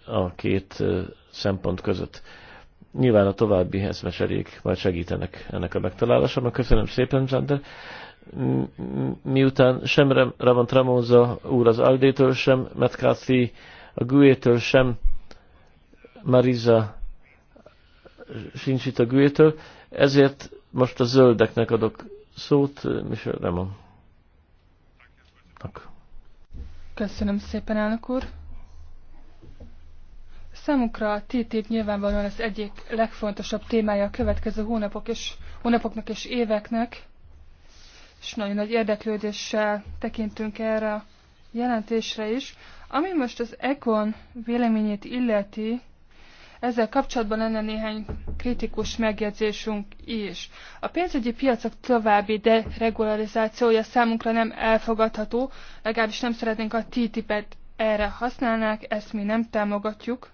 a két szempont között. Nyilván a további eszmeserék majd segítenek ennek a megtalálásában. Köszönöm szépen, Zander. Miután sem Ramon Tramonza úr az Aldétől, sem Matt Cathy a Güétől, sem Marisa sincs itt a Gültől, ezért most a zöldeknek adok szót, Michel Remon. Köszönöm szépen, elnök úr. Számukra a TTIP nyilvánvalóan az egyik legfontosabb témája a következő hónapok és, hónapoknak és éveknek, és nagyon nagy érdeklődéssel tekintünk erre a jelentésre is. Ami most az ECON véleményét illeti, ezzel kapcsolatban lenne néhány kritikus megjegyzésünk is. A pénzügyi piacok további deregularizációja számunkra nem elfogadható, legalábbis nem szeretnénk a TTIP-et erre használnák, ezt mi nem támogatjuk,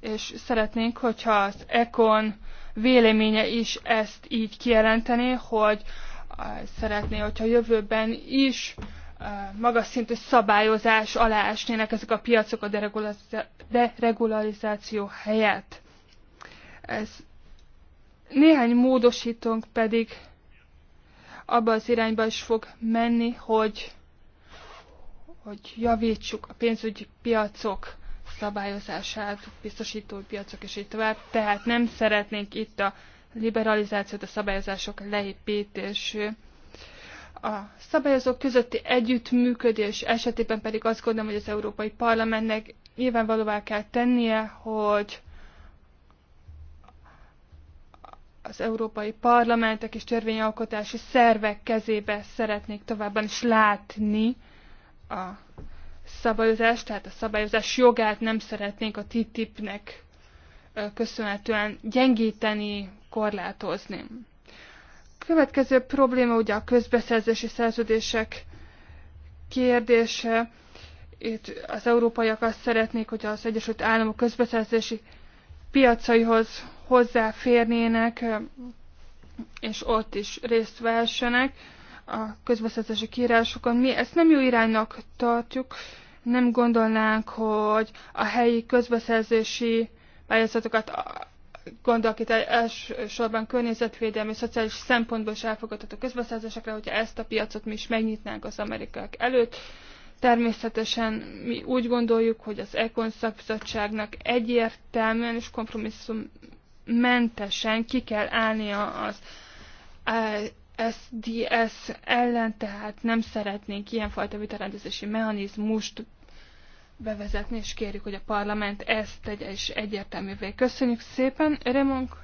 és szeretnénk, hogyha az ECON véleménye is ezt így kijelentené, hogy eh, szeretné, hogyha jövőben is magas szintű szabályozás alá esnének ezek a piacok a deregularizáció helyett. Ez néhány módosítónk pedig abba az irányba is fog menni, hogy, hogy javítsuk a pénzügyi piacok szabályozását, biztosító piacok és így tovább. Tehát nem szeretnénk itt a liberalizációt, a szabályozások leépítését a szabályozók közötti együttműködés esetében pedig azt gondolom, hogy az Európai Parlamentnek nyilvánvalóvá kell tennie, hogy az európai parlamentek és törvényalkotási szervek kezébe szeretnék továbban is látni a szabályozást, tehát a szabályozás jogát nem szeretnénk a TTIP-nek köszönhetően gyengíteni, korlátozni következő probléma ugye a közbeszerzési szerződések kérdése. Itt az európaiak azt szeretnék, hogy az Egyesült Államok közbeszerzési piacaihoz hozzáférnének, és ott is részt vessenek a közbeszerzési kírásokon. Mi ezt nem jó iránynak tartjuk, nem gondolnánk, hogy a helyi közbeszerzési pályázatokat gondolok itt elsősorban környezetvédelmi, szociális szempontból is elfogadható közbeszerzésekre, hogyha ezt a piacot mi is megnyitnánk az amerikák előtt. Természetesen mi úgy gondoljuk, hogy az Econ szakbizottságnak egyértelműen és kompromisszummentesen ki kell állnia az SDS ellen, tehát nem szeretnénk ilyenfajta vitarendezési mechanizmust bevezetni, és kérjük, hogy a parlament ezt tegye is egyértelművé. Köszönjük szépen, Remonk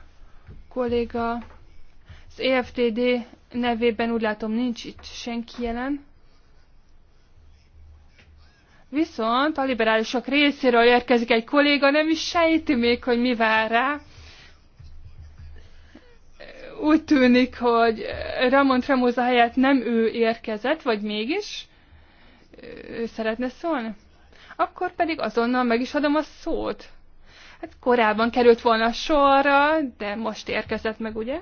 kolléga. Az EFTD nevében úgy látom nincs itt senki jelen. Viszont a liberálisok részéről érkezik egy kolléga, nem is sejti még, hogy mi vár rá. Úgy tűnik, hogy Ramon Tremóza helyett nem ő érkezett, vagy mégis. Ő szeretne szólni? akkor pedig azonnal meg is adom a szót. Hát korábban került volna a sorra, de most érkezett meg, ugye?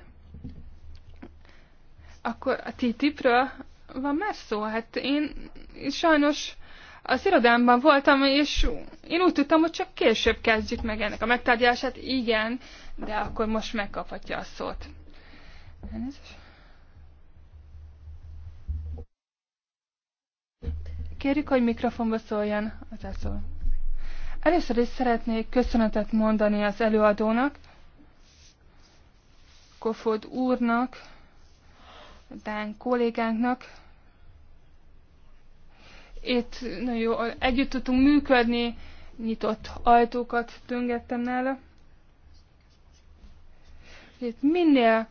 Akkor a TTIP-ről van már szó? Hát én sajnos az irodámban voltam, és én úgy tudtam, hogy csak később kezdjük meg ennek a megtárgyalását. Igen, de akkor most megkaphatja a szót. Elnézést. Kérjük, hogy mikrofonba szóljon az elszól. Először is szeretnék köszönetet mondani az előadónak, Kofod úrnak, Dán kollégánknak. Itt nagyon jó, együtt tudtunk működni, nyitott ajtókat döngettem nála. Itt minél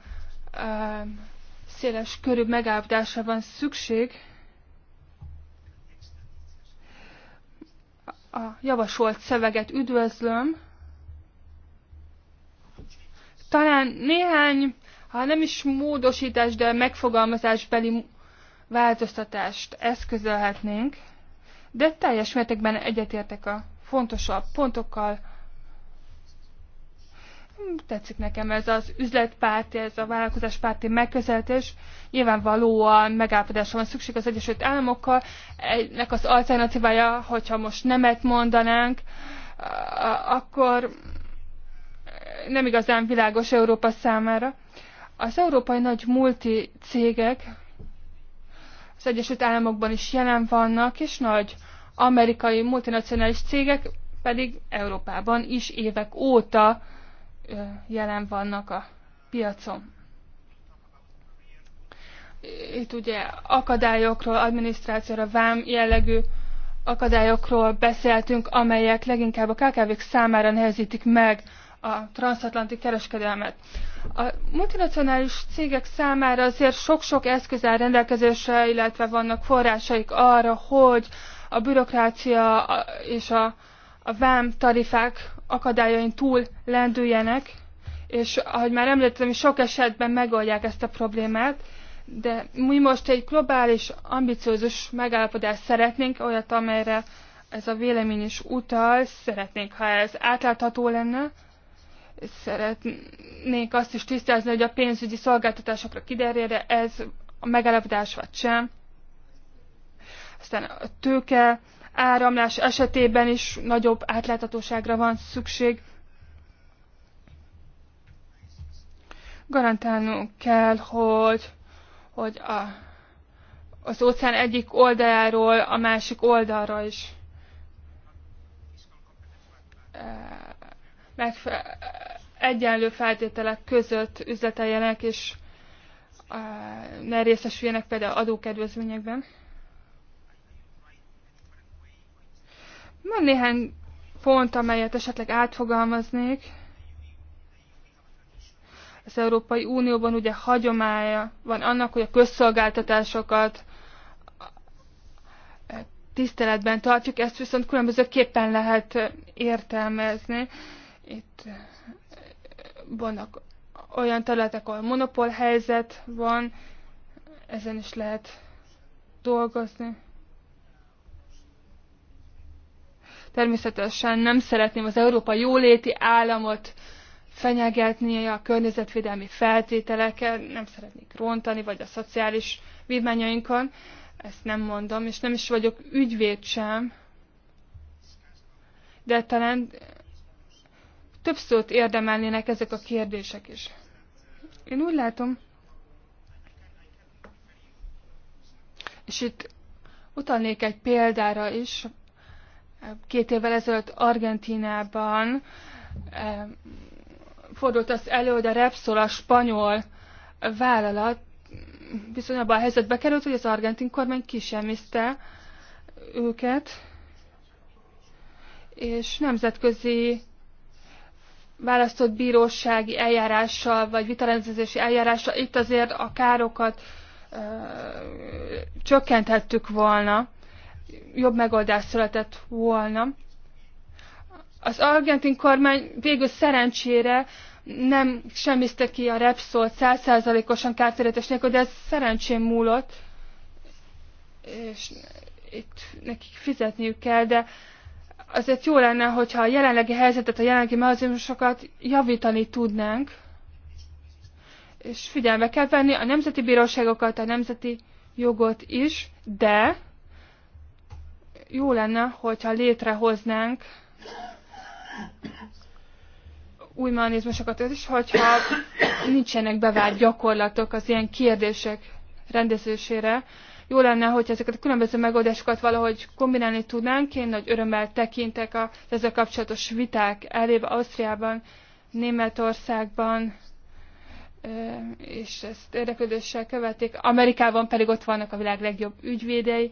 uh, széles körű megállapodásra van szükség, a javasolt szöveget üdvözlöm. Talán néhány, ha nem is módosítás, de megfogalmazásbeli változtatást eszközölhetnénk, de teljes mértékben egyetértek a fontosabb pontokkal, Hm, tetszik nekem ez az üzletpárti, ez a vállalkozáspárti megközelítés. Nyilvánvalóan megállapodásra van szükség az Egyesült Államokkal. Ennek az alternatívája, hogyha most nemet mondanánk, akkor nem igazán világos Európa számára. Az európai nagy multi cégek az Egyesült Államokban is jelen vannak, és nagy amerikai multinacionális cégek pedig Európában is évek óta uh, jelen vannak a piacon. Itt ugye akadályokról, adminisztrációra, vám jellegű akadályokról beszéltünk, amelyek leginkább a KKV-k számára nehezítik meg a transatlanti kereskedelmet. A multinacionális cégek számára azért sok-sok eszköz áll rendelkezésre, illetve vannak forrásaik arra, hogy a bürokrácia és a a vám tarifák akadályain túl lendüljenek, és ahogy már említettem, sok esetben megoldják ezt a problémát, de mi most egy globális, ambiciózus megállapodást szeretnénk, olyat, amelyre ez a vélemény is utal, szeretnénk, ha ez átlátható lenne, szeretnénk azt is tisztázni, hogy a pénzügyi szolgáltatásokra kiderjére ez a megállapodás vagy sem. Aztán a tőke, áramlás esetében is nagyobb átláthatóságra van szükség. Garantálnunk kell, hogy, hogy a, az óceán egyik oldaláról a másik oldalra is e, megfe- egyenlő feltételek között üzleteljenek, és e, ne részesüljenek például adókedvezményekben. Van néhány pont, amelyet esetleg átfogalmaznék. Az Európai Unióban ugye hagyománya van annak, hogy a közszolgáltatásokat tiszteletben tartjuk, ezt viszont különbözőképpen lehet értelmezni. Itt vannak olyan területek, ahol monopól helyzet van, ezen is lehet dolgozni. Természetesen nem szeretném az Európa jóléti államot fenyegetni a környezetvédelmi feltételeket, nem szeretnék rontani, vagy a szociális vívmányainkon, ezt nem mondom, és nem is vagyok ügyvéd sem, de talán több szót érdemelnének ezek a kérdések is. Én úgy látom, és itt utalnék egy példára is, Két évvel ezelőtt Argentinában eh, fordult az elő, hogy a Repsol, a spanyol vállalat viszont abban a helyzetbe került, hogy az argentin kormány kisemiszte őket, és nemzetközi választott bírósági eljárással, vagy vitarendezési eljárással itt azért a károkat ö, eh, csökkenthettük volna jobb megoldás született volna. Az argentin kormány végül szerencsére nem semmiszte ki a repszolt százszázalékosan kártérítés nélkül, de ez szerencsém múlott, és itt nekik fizetniük kell, de azért jó lenne, hogyha a jelenlegi helyzetet, a jelenlegi mechanizmusokat javítani tudnánk, és figyelme kell venni a nemzeti bíróságokat, a nemzeti jogot is, de jó lenne, hogyha létrehoznánk új mechanizmusokat, és hogyha nincsenek bevált gyakorlatok az ilyen kérdések rendezésére, jó lenne, hogyha ezeket a különböző megoldásokat valahogy kombinálni tudnánk. Én nagy örömmel tekintek a ezzel kapcsolatos viták elébe Ausztriában, Németországban, és ezt érdeklődéssel követik. Amerikában pedig ott vannak a világ legjobb ügyvédei,